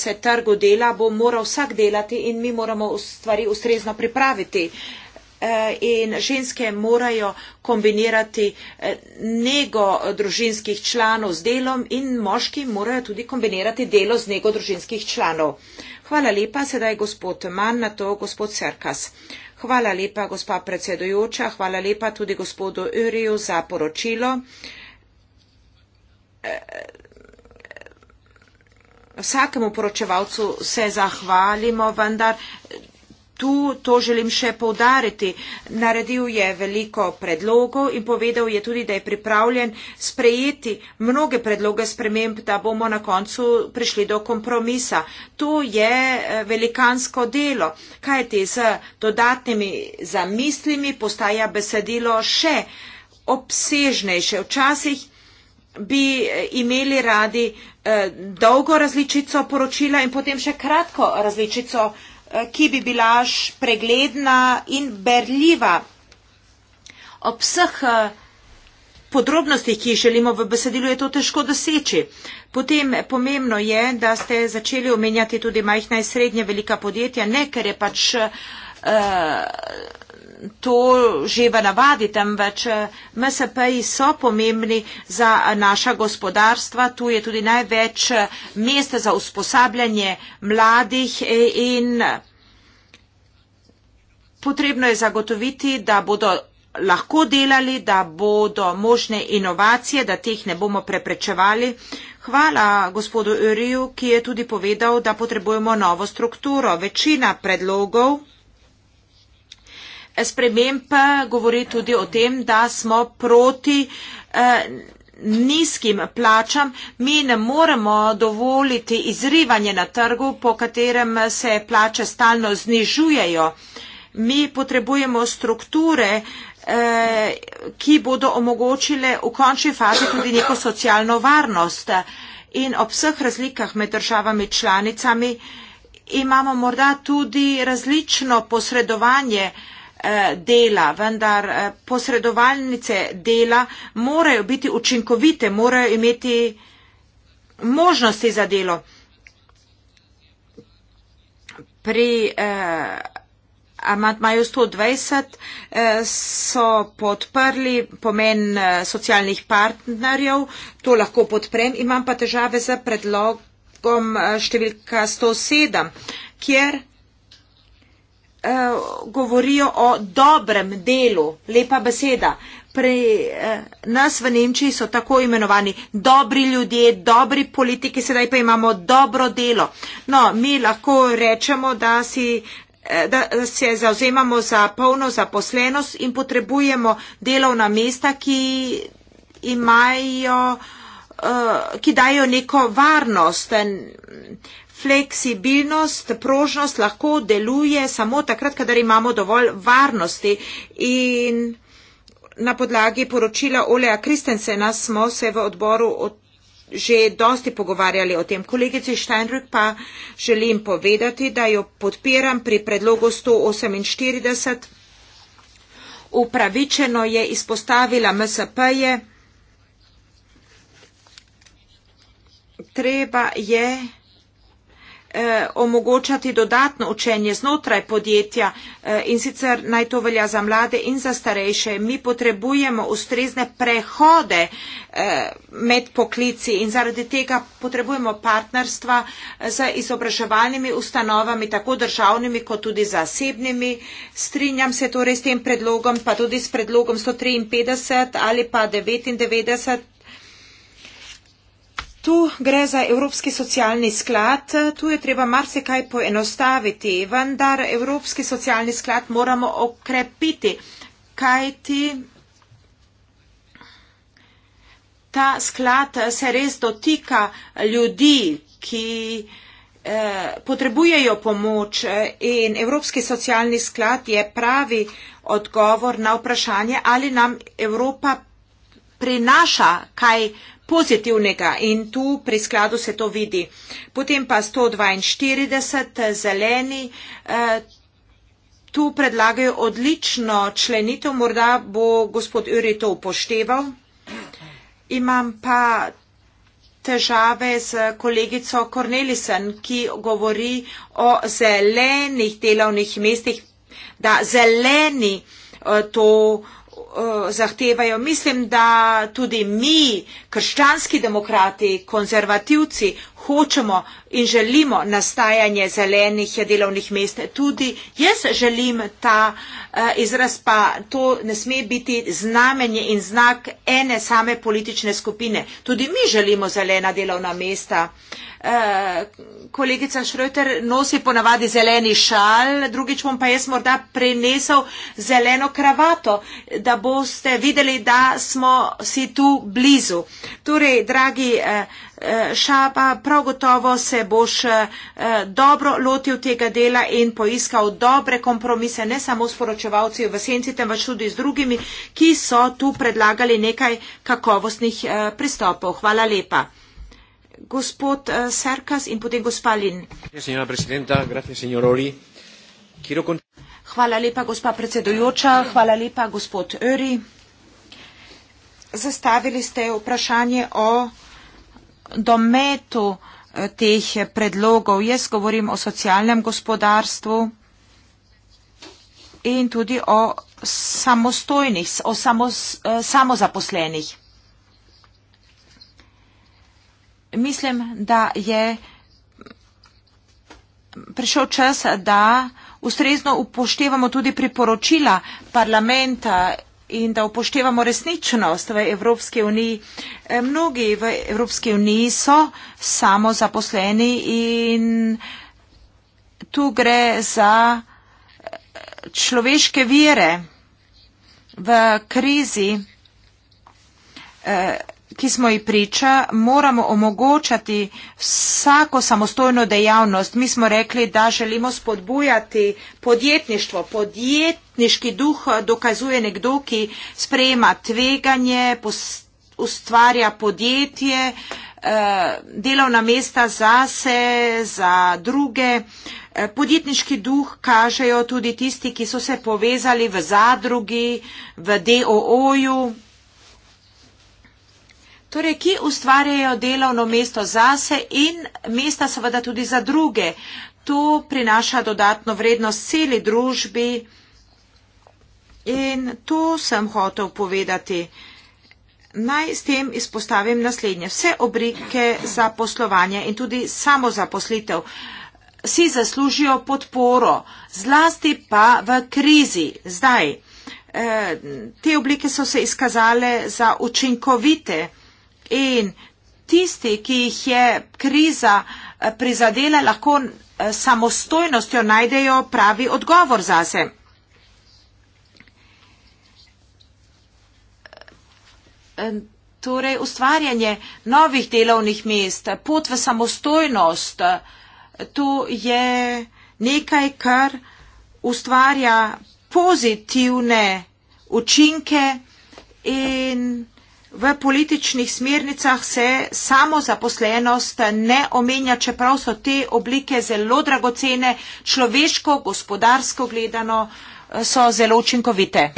se trgu dela, bo moral vsak delati in mi moramo stvari ustrezno pripraviti. Uh, Eh, in ženske morajo kombinirati eh, nego družinskih članov z delom in moški morajo tudi kombinirati delo z nego družinskih članov. Hvala lepa, sedaj gospod Mann, na to gospod Serkas. Hvala lepa, gospa predsedujoča, hvala lepa tudi gospodu Uriju za poročilo. Eh, vsakemu poročevalcu se zahvalimo, vendar Tu to želim še povdariti. Naredil je veliko predlogov in povedal je tudi, da je pripravljen sprejeti mnoge predloge sprememb, da bomo na koncu prišli do kompromisa. To je eh, velikansko delo. Kaj ti z dodatnimi zamislimi postaja besedilo še obsežnejše? Včasih bi eh, imeli radi eh, dolgo različico poročila in potem še kratko različico poročila ki bi bila pregledna in berljiva. Ob vseh eh, podrobnostih, ki jih želimo v besedilu, je to težko doseči. Potem eh, pomembno je, da ste začeli omenjati tudi majhna in srednje velika podjetja, ne ker je pač uh, to že v navadi, temveč eh, MSP-ji so pomembni za naša gospodarstva. Tu je tudi največ eh, mesta za usposabljanje mladih eh, in potrebno je zagotoviti, da bodo lahko delali, da bodo možne inovacije, da teh ne bomo preprečevali. Hvala gospodu Uriju, ki je tudi povedal, da potrebujemo novo strukturo. Večina predlogov sprememb eh, govori tudi o tem, da smo proti eh, nizkim plačam. Mi ne moremo dovoliti izrivanje na trgu, po katerem se plače stalno znižujejo. Mi potrebujemo strukture, eh, ki bodo omogočile v končni fazi tudi neko socialno varnost. In ob vseh razlikah med državami članicami imamo morda tudi različno posredovanje eh, Eh, dela, vendar eh, posredovalnice dela morajo biti učinkovite, morajo imeti možnosti za delo. Pri eh, amatmaju 120 eh, so podprli pomen eh, socialnih partnerjev, to lahko podprem, imam pa težave z predlogom eh, številka 107, kjer Eh, govorijo o dobrem delu, lepa beseda. Pri eh, nas v Nemčiji so tako imenovani dobri ljudje, dobri politiki, sedaj pa imamo dobro delo. No, mi lahko rečemo, da, si, eh, da se zauzemamo za polno zaposlenost in potrebujemo delovna mesta, ki, imajo, ki dajo neko varnost fleksibilnost, prožnost lahko deluje samo takrat, kadar imamo dovolj varnosti. In na podlagi poročila Oleja Kristensena smo se v odboru že dosti pogovarjali o tem. Kolegici Steinrück pa želim povedati, da jo podpiram pri predlogu 148. Upravičeno je izpostavila MSP je. Treba je eh, omogočati dodatno učenje znotraj podjetja eh, in sicer naj to velja za mlade in za starejše. Mi potrebujemo ustrezne prehode eh, med poklici in zaradi tega potrebujemo partnerstva eh, z izobraževalnimi ustanovami, tako državnimi kot tudi zasebnimi. Strinjam se torej s tem predlogom, pa tudi s predlogom 153 ali pa 99 Tu gre za Evropski socialni sklad, tu je treba marsikaj poenostaviti, vendar Evropski socialni sklad moramo okrepiti, kaj ti ta sklad se res dotika ljudi, ki eh, potrebujejo pomoč eh, in Evropski socialni sklad je pravi odgovor na vprašanje, ali nam Evropa prinaša kaj pozitivnega in tu pri skladu se to vidi. Potem pa 142 zeleni. Eh, tu predlagajo odlično členitev, morda bo gospod Uri to upošteval. Imam pa težave z kolegico Cornelisen, ki govori o zelenih delovnih mestih, da zeleni eh, to uh, Eh, zahtevajo. Mislim, da tudi mi, krščanski demokrati, konzervativci, hočemo in želimo nastajanje zelenih delovnih mest. Tudi jaz želim ta eh, izraz, pa to ne sme biti znamenje in znak ene same politične skupine. Tudi mi želimo zelena delovna mesta. Eh, kolegica Šrojter nosi ponavadi zeleni šal, drugič bom pa jaz morda prinesel zeleno kravato, da boste videli, da smo si tu blizu. Torej, dragi eh, eh, Šapa, prav gotovo se boš dobro lotil tega dela in poiskal dobre kompromise, ne samo s poročevalci v senci, temveč tudi z drugimi, ki so tu predlagali nekaj kakovostnih pristopov. Hvala lepa. Gospod eh, Serkas in potem gospalin. Hvala lepa, gospa predsedujoča, hvala lepa, gospod Öri. Zastavili ste vprašanje o dometu eh, teh predlogov. Jaz govorim o socialnem gospodarstvu in tudi o samostojnih, o samos, eh, samozaposlenih. mislim, da je prišel čas, da ustrezno upoštevamo tudi priporočila parlamenta in da upoštevamo resničnost v Evropski uniji. E, mnogi v Evropski uniji so samo zaposleni in tu gre za e, človeške vire v krizi. Eh, ki smo ji priča, moramo omogočati vsako samostojno dejavnost. Mi smo rekli, da želimo spodbujati podjetništvo. Podjetniški duh dokazuje nekdo, ki sprejema tveganje, ustvarja podjetje, eh, delovna mesta zase, za druge. Eh, podjetniški duh kažejo tudi tisti, ki so se povezali v zadrugi, v DOO-ju torej, ki ustvarjajo delovno mesto zase in mesta seveda tudi za druge. To prinaša dodatno vrednost celi družbi in to sem hotel povedati. Naj s tem izpostavim naslednje. Vse oblike za poslovanje in tudi samozaposlitev si zaslužijo podporo, zlasti pa v krizi. Zdaj, eh, te oblike so se izkazale za učinkovite in tisti, ki jih je kriza eh, prizadela, lahko eh, samostojnostjo najdejo pravi odgovor zase. Torej, ustvarjanje novih delovnih mest, pot v samostojnost, eh, to je nekaj, kar ustvarja pozitivne učinke in V političnih smernicah se samo zaposlenost ne omenja, čeprav so te oblike zelo dragocene, človeško, gospodarsko gledano eh, so zelo učinkovite.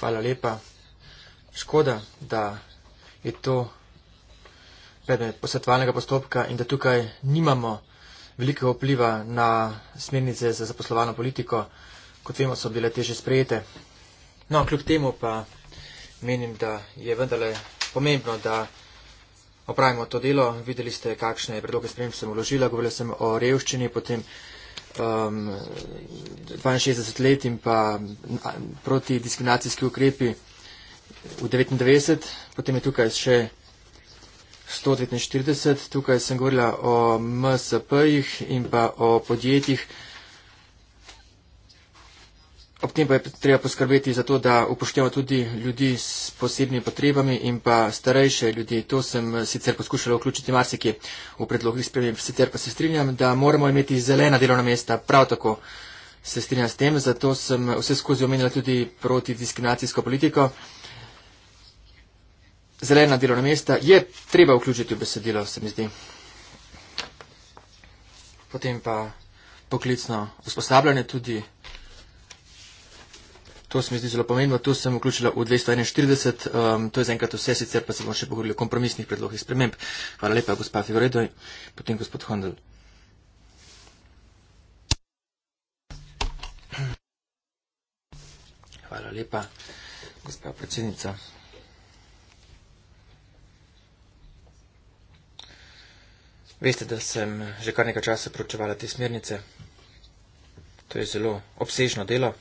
Hvala lepa. Škoda, da je to predmet posvetovalnega postopka in da tukaj nimamo velikega vpliva na smernice za zaposlovano politiko kot vemo, so bile teže sprejete. No, kljub temu pa menim, da je vendarle pomembno, da opravimo to delo. Videli ste, kakšne predloge sprejem sem uložila, govorila sem o revščini, potem um, 62 let in pa proti diskriminacijski ukrepi v 99, potem je tukaj še 149, tukaj sem govorila o MSP-jih in pa o podjetjih. Ob tem pa je treba poskrbeti za to, da upoštevamo tudi ljudi s posebnimi potrebami in pa starejše ljudi. To sem eh, sicer poskušala vključiti marsikje v predlog iz prejem. Sicer pa se strinjam, da moramo imeti zelena delovna mesta. Prav tako se strinjam s tem, zato sem eh, vse skozi omenila tudi proti diskriminacijsko politiko. Zelena delovna mesta je treba vključiti v besedilo, se mi zdi. Potem pa poklicno usposabljanje tudi. To se mi zdi zelo pomembno, to sem vključila v 241, um, to je zaenkrat vse, sicer pa se bomo še pogovorili o kompromisnih predlogih sprememb. Hvala lepa, gospa Figoredo in potem gospod Hondel. Hvala lepa, gospa predsednica. Veste, da sem že kar nekaj časa pročevala te smernice. To je zelo obsežno delo.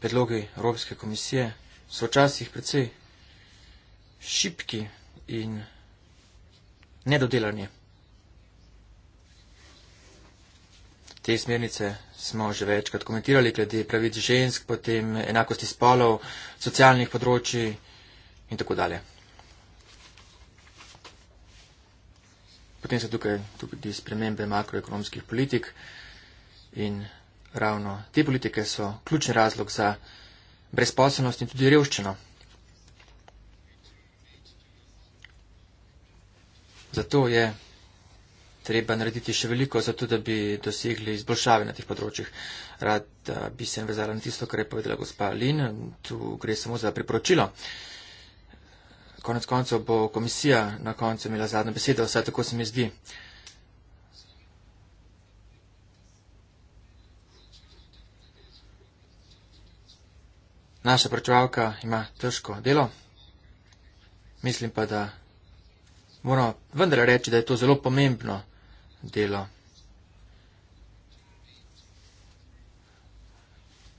predlogi Evropske komisije so včasih precej šipki in nedodelani. Te smernice smo že večkrat komentirali, glede pravic žensk, potem enakosti spolov, socialnih področji in tako dalje. Potem so tukaj tudi spremembe makroekonomskih politik in ravno te politike so ključni razlog za brezposobnost in tudi revščino. Zato je treba narediti še veliko, zato da bi dosegli izboljšave na teh področjih. Rad eh, bi se vezala na tisto, kar je povedala gospa Lin. Tu gre samo za priporočilo. Konec koncev bo komisija na koncu imela zadnjo besedo, vsaj tako se mi zdi. naša prečevalka ima težko delo. Mislim pa, da moramo vendar reči, da je to zelo pomembno delo.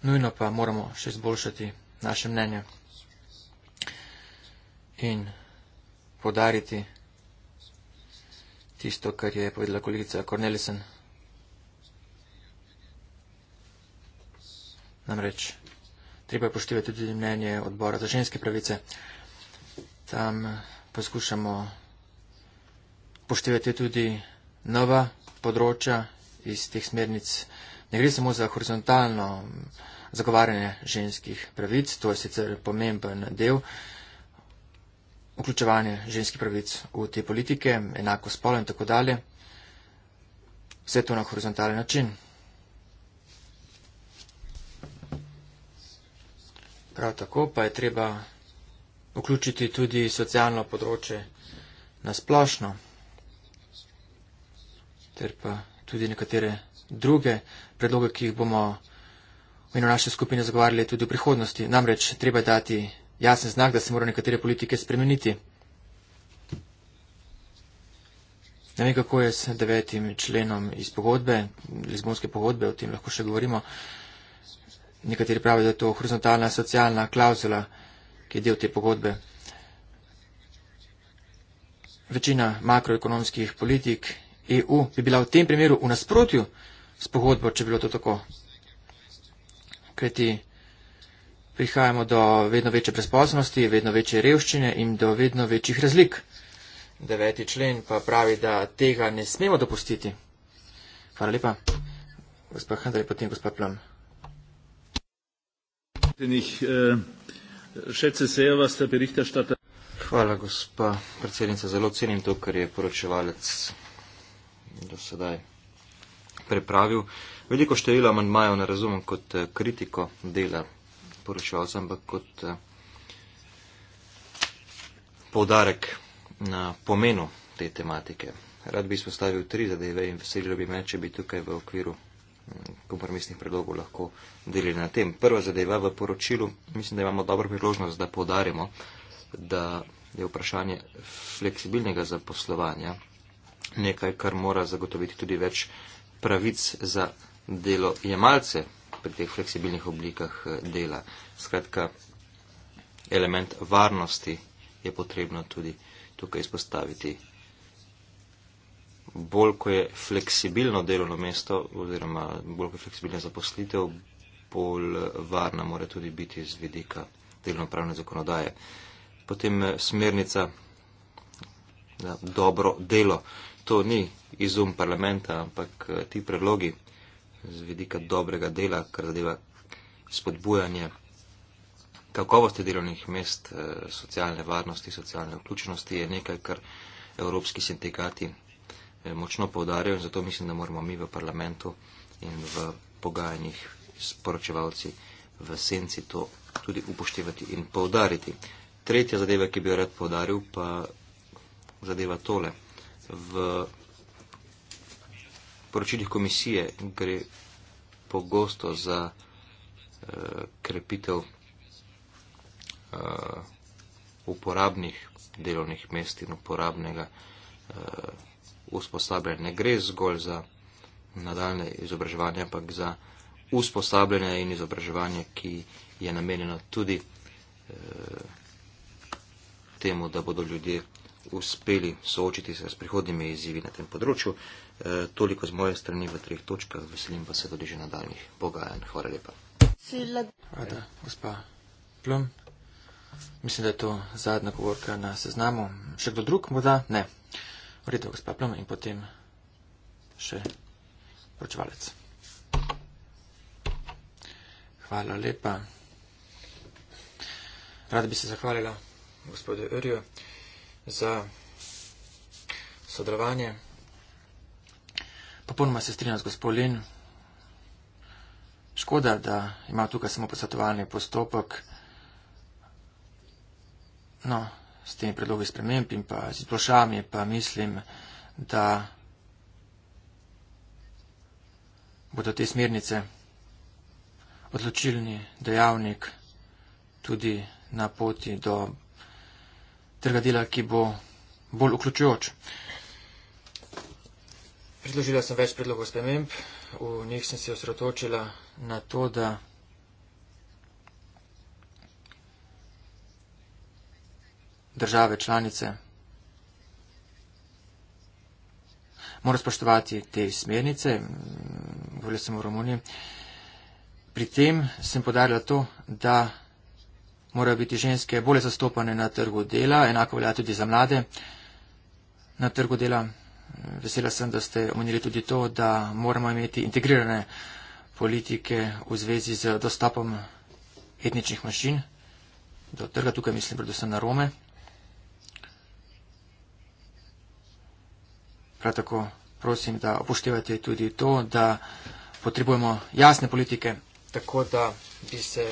Nujno pa moramo še izboljšati naše mnenje in podariti tisto, kar je povedala kolegica Cornelisen. Namreč treba je poštevati tudi mnenje odbora za ženske pravice. Tam eh, poskušamo poštevati tudi nova področja iz teh smernic. Ne gre samo za horizontalno mm, zagovarjanje ženskih pravic, to je sicer pomemben del vključevanje ženskih pravic v te politike, enako spolo in tako dalje. Vse to na horizontalen način. Prav tako pa je treba vključiti tudi socialno področje na splošno, ter pa tudi nekatere druge predloge, ki jih bomo v eno naše skupine zagovarjali tudi v prihodnosti. Namreč treba dati jasen znak, da se morajo nekatere politike spremeniti. Ne vem, kako je s devetim členom iz pogodbe, Lizbonske pogodbe, o tem lahko še govorimo. Nekateri pravijo, da je to horizontalna socialna klauzula, ki je del te pogodbe. Večina makroekonomskih politik EU bi bila v tem primeru v nasprotju s pogodbo, če bi bilo to tako. Kajti prihajamo do vedno večje brezposobnosti, vedno večje revščine in do vedno večjih razlik. Deveti člen pa pravi, da tega ne smemo dopustiti. Hvala lepa. Gospod Hendrej, potem gospod Plam. Äh, Hvala, gospa predsednica. Zelo cenim to, kar je poročevalec do sedaj prepravil. Veliko število amandmajev ne razumem kot eh, kritiko dela poročevalca, ampak kot eh, povdarek na pomenu te tematike. Rad bi izpostavil tri zadeve in veselilo bi me, če bi tukaj v okviru kompromisnih predlogov lahko delili na tem. Prva zadeva v poročilu, mislim, da imamo dobro priložnost, da podarimo, da je vprašanje fleksibilnega zaposlovanja nekaj, kar mora zagotoviti tudi več pravic za delo jemalce pri teh fleksibilnih oblikah eh, dela. Skratka, element varnosti je potrebno tudi tukaj izpostaviti bolj ko je fleksibilno delovno mesto oziroma bolj ko je fleksibilna zaposlitev, bolj varna mora tudi biti z vidika delovnopravne zakonodaje. Potem eh, smernica za dobro delo. To ni izum parlamenta, ampak eh, ti predlogi z vidika dobrega dela, kar zadeva spodbujanje kakovosti delovnih mest, eh, socialne varnosti, socialne vključenosti, je nekaj, kar evropski sindikati Eh, močno povdarjajo in zato mislim, da moramo mi v parlamentu in v pogajanjih s poročevalci v senci to tudi upoštevati in povdariti. Tretja zadeva, ki bi jo rad povdaril, pa zadeva tole. V poročilih komisije gre pogosto za eh, krepitev eh, uporabnih delovnih mest in uporabnega eh, usposabljanje. Ne gre zgolj za nadaljne izobraževanje, ampak za usposabljanje in izobraževanje, ki je namenjeno tudi eh, temu, da bodo ljudje uspeli soočiti se s prihodnimi izzivi na tem področju. E, toliko z moje strani v treh točkah, veselim pa se tudi že nadaljnih pogajanj. Hvala lepa. Ada, gospa Plum, mislim, da je to zadnja govorka na seznamu. Še kdo drug, morda? Ne redok s peplom in potem še pročevalec. Hvala lepa. Rad bi se zahvalila gospodu Urju za sodelovanje. Popolnoma se strinjam z gospodin. Škoda, da ima tukaj samo posvetovalni postopek. No, s temi predlogi sprememb in pa z izboljšavami, pa mislim, da bodo te smernice odločilni dejavnik tudi na poti do trga dela, ki bo bolj vključujoč. Predložila sem več predlogov sprememb, v njih sem se osredotočila na to, da države članice. Mora spoštovati te smernice, govorila sem o Romuniji. Pri tem sem podarila to, da morajo biti ženske bolje zastopane na trgu dela, enako velja tudi za mlade na trgu dela. Vesela sem, da ste omenili tudi to, da moramo imeti integrirane politike v zvezi z dostopom etničnih mašin do trga. Tukaj mislim predvsem na Rome. Prav tako prosim, da upoštevate tudi to, da potrebujemo jasne politike, tako da bi se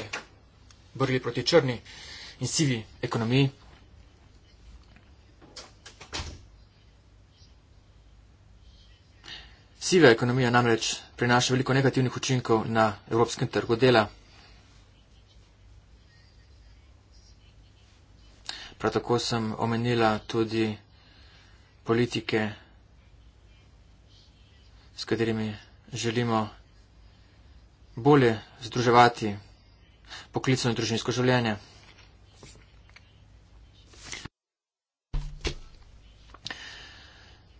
borili proti črni in sivi ekonomiji. Siva ekonomija namreč prinaša veliko negativnih učinkov na evropskem trgu dela. Prav tako sem omenila tudi politike s katerimi želimo bolje združevati poklicno in družinsko življenje.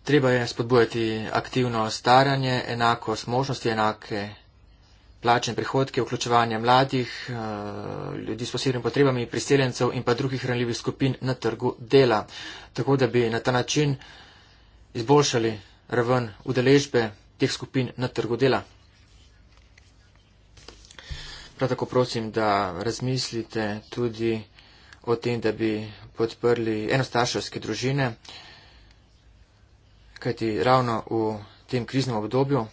Treba je spodbujati aktivno staranje, enakost možnosti, enake plačne prihodke, vključevanje mladih, eh, ljudi s posebnimi potrebami, priseljencev in pa drugih ranljivih skupin na trgu dela. Tako da bi na ta način izboljšali raven udeležbe teh skupin na trgu dela. Prav tako prosim, da razmislite tudi o tem, da bi podprli enostarševske družine, kajti ravno v tem kriznem obdobju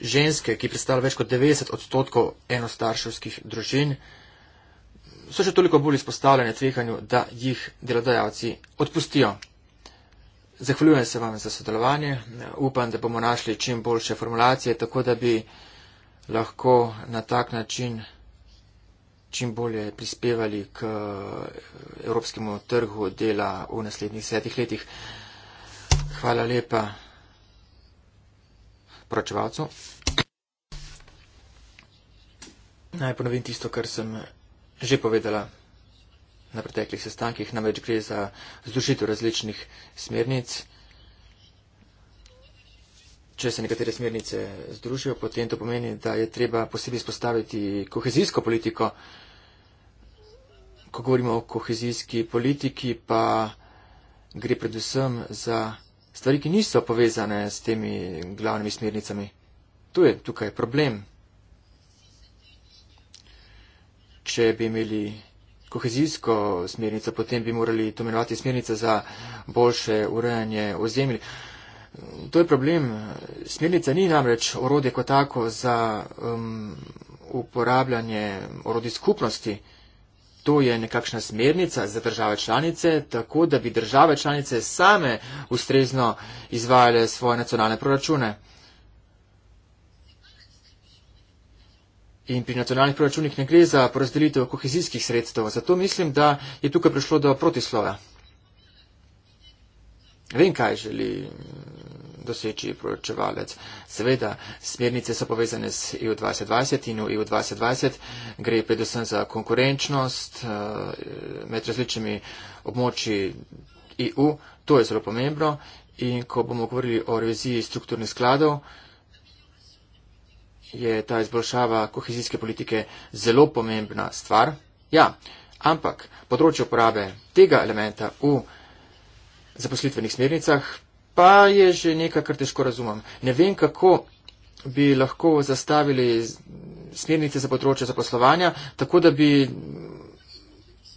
ženske, ki predstavljajo več kot 90 odstotkov enostarševskih družin, so še toliko bolj izpostavljene tveganju, da jih delodajalci odpustijo. Zahvaljujem se vam za sodelovanje. Upam, da bomo našli čim boljše formulacije, tako da bi lahko na tak način čim bolje prispevali k eh, evropskemu trgu dela v naslednjih sedih letih. Hvala lepa poročevalcu. Naj ponovim tisto, kar sem že povedala na preteklih sestankih, namreč gre za združitev različnih smernic. Če se nekatere smernice združijo, potem to pomeni, da je treba posebej spostaviti kohezijsko politiko. Ko govorimo o kohezijski politiki, pa gre predvsem za stvari, ki niso povezane s temi glavnimi smernicami. Tu je tukaj problem. če bi imeli kohezijsko smernico, potem bi morali to imenovati smernica za boljše urejanje ozemlji. To je problem. Smernica ni namreč orodje kot tako za um, uporabljanje orodi skupnosti. To je nekakšna smernica za države članice, tako da bi države članice same ustrezno izvajale svoje nacionalne proračune. In pri nacionalnih proračunih ne gre za porazdelitev kohezijskih sredstev, zato mislim, da je tukaj prišlo do protislova. Vem, kaj želi mm, doseči proračevalec. Seveda, smernice so povezane s EU 2020 in v EU 2020 gre predvsem za konkurenčnost eh, med različnimi območji EU. To je zelo pomembno. In ko bomo govorili o reviziji strukturnih skladov, je ta izboljšava kohezijske politike zelo pomembna stvar. Ja, ampak področje uporabe tega elementa v zaposlitvenih smernicah pa je že nekaj, kar težko razumem. Ne vem, kako bi lahko zastavili smernice za področje zaposlovanja, tako da bi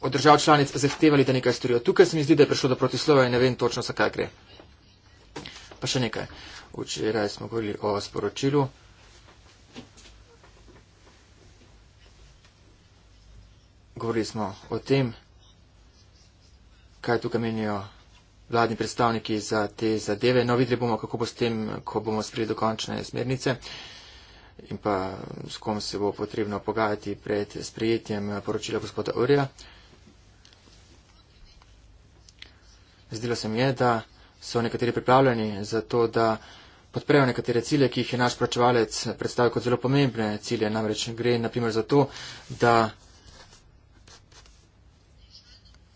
od držav članic zahtevali, da nekaj storijo. Tukaj se mi zdi, da je prišlo do protislova in ne vem točno, zakaj gre. Pa še nekaj. Včeraj smo govorili o sporočilu. govorili smo o tem, kaj tukaj menijo vladni predstavniki za te zadeve. No, videli bomo, kako bo s tem, ko bomo sprejeli dokončne smernice in pa s kom se bo potrebno pogajati pred sprejetjem poročila gospoda Urija. Zdelo se mi je, da so nekateri pripravljeni za to, da podprejo nekatere cilje, ki jih je naš pračevalec predstavil kot zelo pomembne cilje. Namreč gre naprimer za to, da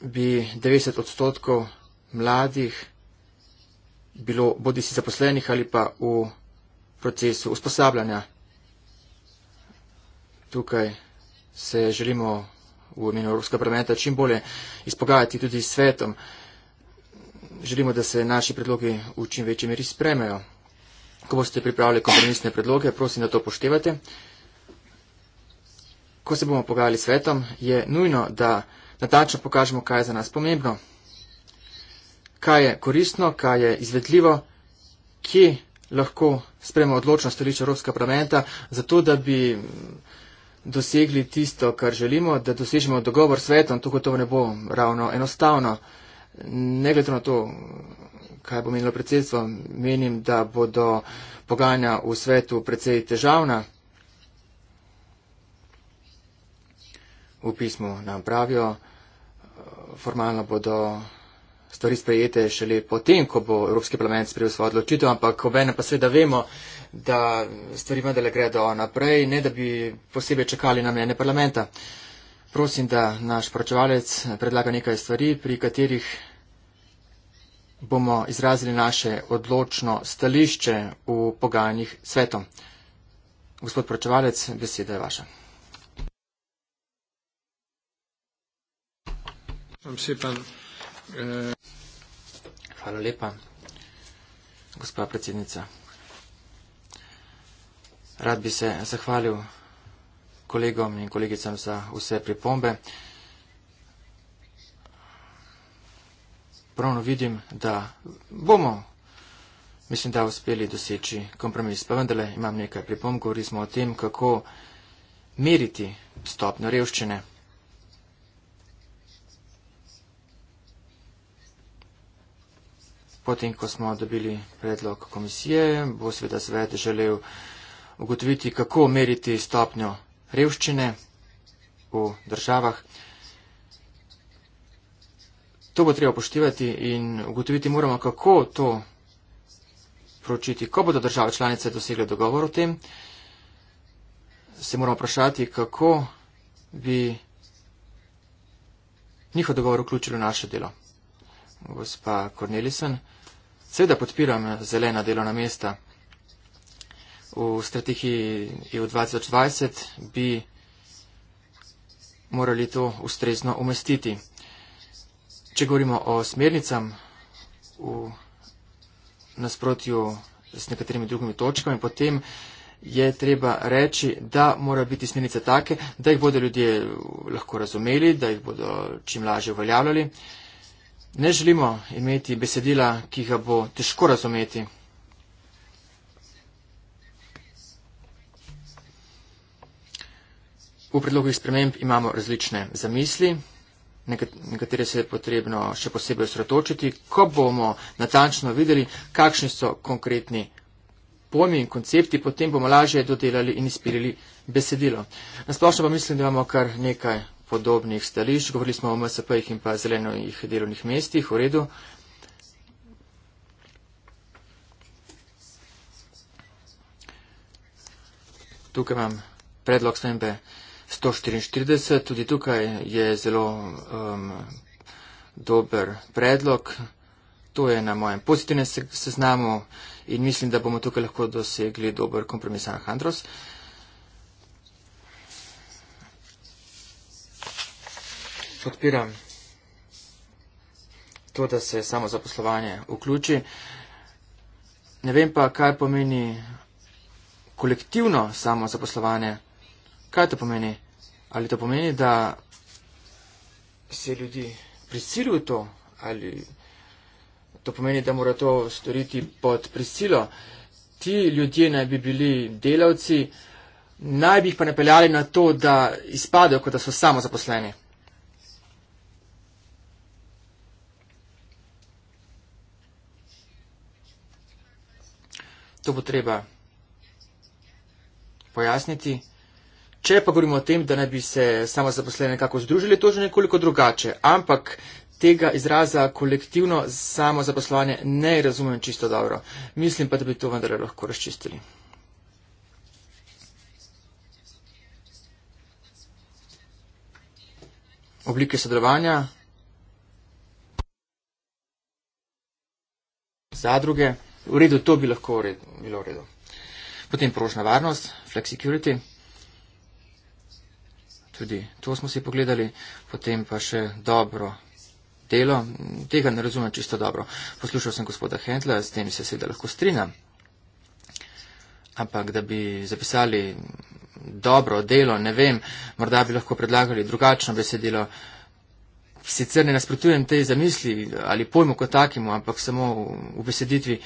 bi 90 odstotkov mladih bilo bodi si zaposlenih ali pa v procesu usposabljanja. Tukaj se želimo v imenu Evropskega parlamenta čim bolje izpogajati tudi s svetom. Želimo, da se naši predlogi v čim večji meri spremejo. Ko boste pripravili kompromisne predloge, prosim, da to poštevate. Ko se bomo pogajali s svetom, je nujno, da natančno pokažemo, kaj je za nas pomembno, kaj je koristno, kaj je izvedljivo, kje lahko sprejmo odločno stališče Evropskega parlamenta, zato da bi dosegli tisto, kar želimo, da dosežemo dogovor s svetom, tako to ne bo ravno enostavno. Ne glede na to, kaj bo menilo predsedstvo, menim, da bodo pogajanja v svetu precej težavna. V pismu nam pravijo, formalno bodo stvari sprejete šele potem, ko bo Evropski parlament sprejel svojo odločitev, ampak obene pa seveda vemo, da stvari vendarle gredo naprej, ne da bi posebej čakali na mene parlamenta. Prosim, da naš poročevalec predlaga nekaj stvari, pri katerih bomo izrazili naše odločno stališče v pogajanjih svetom. Gospod poročevalec, beseda je vaša. Hvala lepa, gospa predsednica. Rad bi se zahvalil kolegom in kolegicam za vse pripombe. Pravno vidim, da bomo, mislim, da uspeli doseči kompromis. Pa vendarle imam nekaj pripomb, govorimo o tem, kako meriti stopno revščine. Potem, ko smo dobili predlog komisije, bo sveda svet želel ugotoviti, kako meriti stopnjo revščine v državah. To bo treba poštivati in ugotoviti moramo, kako to pročiti. Ko bodo države članice dosegle dogovor o tem, se moramo vprašati, kako bi njihov dogovor vključil v naše delo gospa Cornelison. Seveda podpiram zelena delovna mesta. V strategiji EU 2020 bi morali to ustrezno umestiti. Če govorimo o smernicam v nasprotju s nekaterimi drugimi točkami, potem je treba reči, da mora biti smernice take, da jih bodo ljudje lahko razumeli, da jih bodo čim lažje uveljavljali. Uh, Ne želimo imeti besedila, ki ga bo težko razumeti. V predlogih sprememb imamo različne zamisli, na katere se je potrebno še posebej osredotočiti, ko bomo natančno videli, kakšni so konkretni pojmi in koncepti, potem bomo lažje dodelali in izpirili besedilo. Nasplošno pa mislim, da imamo kar nekaj podobnih stališč. Govorili smo o MSP-jih in pa zelenojih delovnih mestih. V redu. Tukaj imam predlog spembe 144. Tudi tukaj je zelo um, dober predlog. To je na mojem pozitivnem seznamu in mislim, da bomo tukaj lahko dosegli dober kompromis. Andros. Uh, podpiram to, da se samo zaposlovanje vključi. Ne vem pa, kaj pomeni kolektivno samo zaposlovanje. Kaj to pomeni? Ali to pomeni, da se ljudi prisilijo to? Ali to pomeni, da mora to storiti pod prisilo? Ti ljudje naj bi bili delavci, naj bi jih pa napeljali na to, da izpadajo, kot da so samo zaposleni. To bo treba pojasniti. Če pa govorimo o tem, da ne bi se samo zaposleni nekako združili, to je že nekoliko drugače. Ampak tega izraza kolektivno samo zaposlovanje ne razumem čisto dobro. Mislim pa, da bi to vendar lahko razčistili. Oblike sodelovanja. Zadruge. V redu, to bi lahko red, bilo v redu. Potem prožna varnost, flex security. Tudi to smo si pogledali. Potem pa še dobro delo. Tega ne razumem čisto dobro. Poslušal sem gospoda Hendla, s tem se seveda lahko strinjam. Ampak, da bi zapisali dobro delo, ne vem, morda bi lahko predlagali drugačno besedilo. Sicer ne nasprotujem tej zamisli ali pojmu kot takemu, ampak samo v beseditvi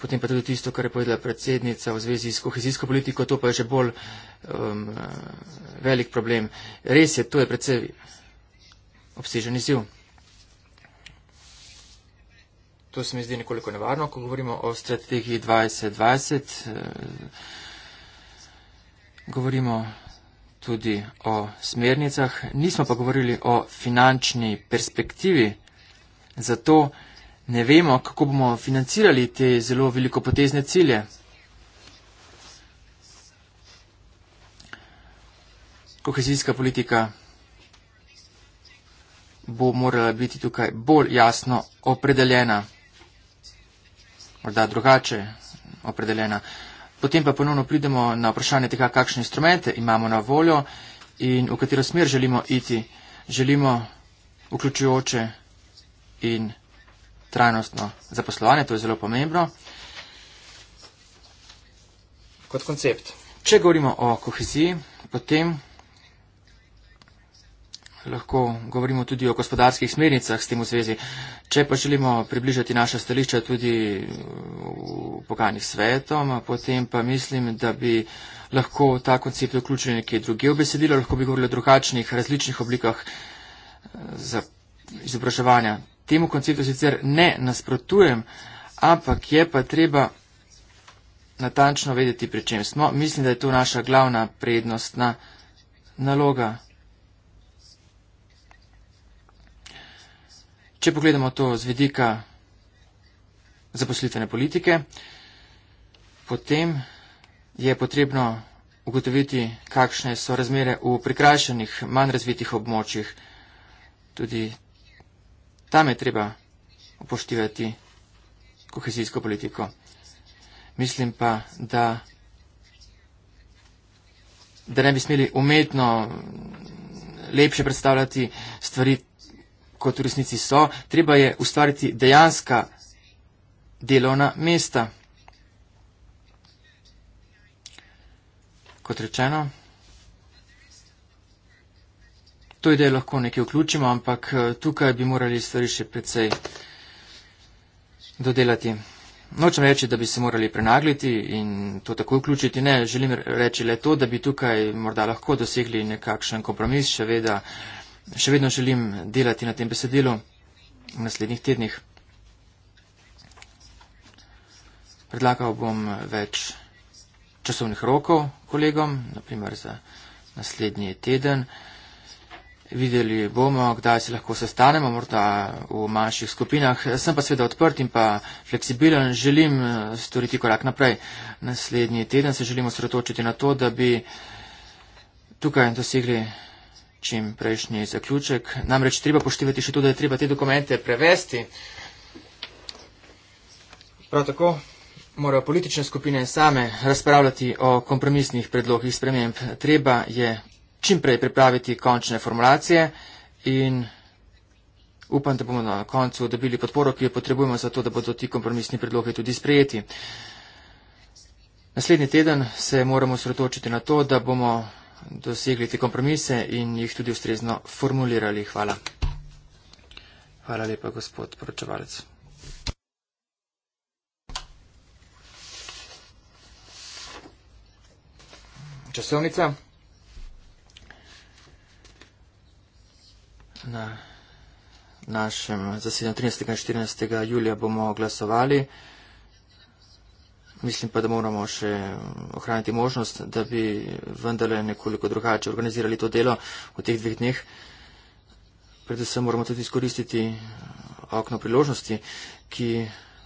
potem pa tudi tisto, kar je povedala predsednica v zvezi s kohezijsko politiko, to pa je že bolj um, velik problem. Res je, to je predvsej obsežen izziv. To se mi zdi nekoliko nevarno, ko govorimo o strategiji 2020. Eh, govorimo tudi o smernicah. Nismo pa govorili o finančni perspektivi. Zato Ne vemo, kako bomo financirali te zelo velikopotezne cilje. Kohezijska politika bo morala biti tukaj bolj jasno opredeljena, morda drugače opredeljena. Potem pa ponovno pridemo na vprašanje tega, kakšne instrumente imamo na voljo in v katero smer želimo iti. Želimo vključujoče in trajnostno zaposlovanje, to je zelo pomembno. Kot koncept. Če govorimo o koheziji, potem lahko govorimo tudi o gospodarskih smernicah s tem v zvezi. Če pa želimo približati naša stališča tudi v pogajanjih svetom, potem pa mislim, da bi lahko ta koncept vključili nekje druge v besedilo, lahko bi govorili o drugačnih, različnih oblikah eh, za izobraževanja, temu konceptu sicer ne nasprotujem, ampak je pa treba natančno vedeti, pri čem smo. Mislim, da je to naša glavna prednostna naloga. Če pogledamo to z vidika zaposlitvene politike, potem je potrebno ugotoviti, kakšne so razmere v prikrajšanih, manj razvitih območjih. Tudi Tam je treba upoštevati kohezijsko politiko. Mislim pa, da, da ne bi smeli umetno lepše predstavljati stvari, kot v resnici so. Treba je ustvariti dejanska delovna mesta. Kot rečeno, to idejo lahko nekaj vključimo, ampak eh, tukaj bi morali stvari še precej dodelati. Nočem reči, da bi se morali prenagliti in to tako vključiti. Ne, želim reči le to, da bi tukaj morda lahko dosegli nekakšen kompromis. Še, veda, še vedno želim delati na tem besedilu v naslednjih tednih. Predlagal bom več časovnih rokov kolegom, naprimer za naslednji teden videli bomo, kdaj se lahko sestanemo, morda v manjših skupinah. Sem pa seveda odprt in pa fleksibilen, želim eh, storiti korak naprej. Naslednji teden se želimo sredotočiti na to, da bi tukaj dosegli čim prejšnji zaključek. Namreč treba poštevati še to, da je treba te dokumente prevesti. Prav tako morajo politične skupine same razpravljati o kompromisnih predlogih sprememb. Treba je čim prej pripraviti končne formulacije in upam, da bomo na koncu dobili podporo, ki jo potrebujemo za to, da bodo ti kompromisni predloge tudi sprejeti. Naslednji teden se moramo sretočiti na to, da bomo dosegli te kompromise in jih tudi ustrezno formulirali. Hvala. Hvala lepa, gospod poročevalec. Časovnica. na našem zasedanju 13. in 14. julija bomo glasovali. Mislim pa, da moramo še ohraniti možnost, da bi vendarle nekoliko drugače organizirali to delo v teh dveh dneh. Predvsem moramo tudi izkoristiti okno priložnosti, ki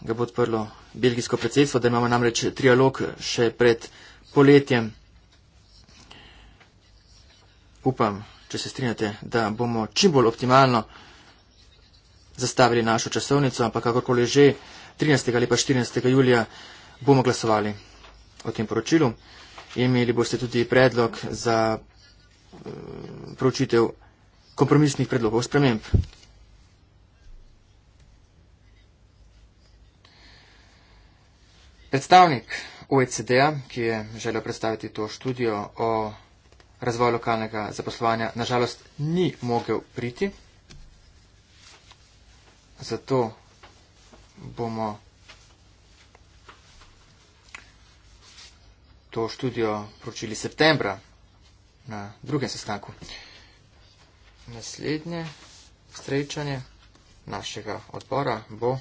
ga bo odprlo belgijsko predsedstvo, da imamo namreč trialog še pred poletjem. Upam, če se strinjate, da bomo čim bolj optimalno zastavili našo časovnico, ampak kakorkoli že 13. ali pa 14. julija bomo glasovali o tem poročilu. Imeli boste tudi predlog za eh, pročitev kompromisnih predlogov sprememb. Predstavnik OECD-a, ki je želel predstaviti to študijo o razvoj lokalnega zaposlovanja nažalost ni mogel priti. Zato bomo to študijo pročili septembra na drugem sestanku. Naslednje srečanje našega odbora bo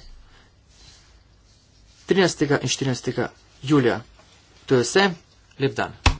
13. in 14. julija. To je vse. Lep dan.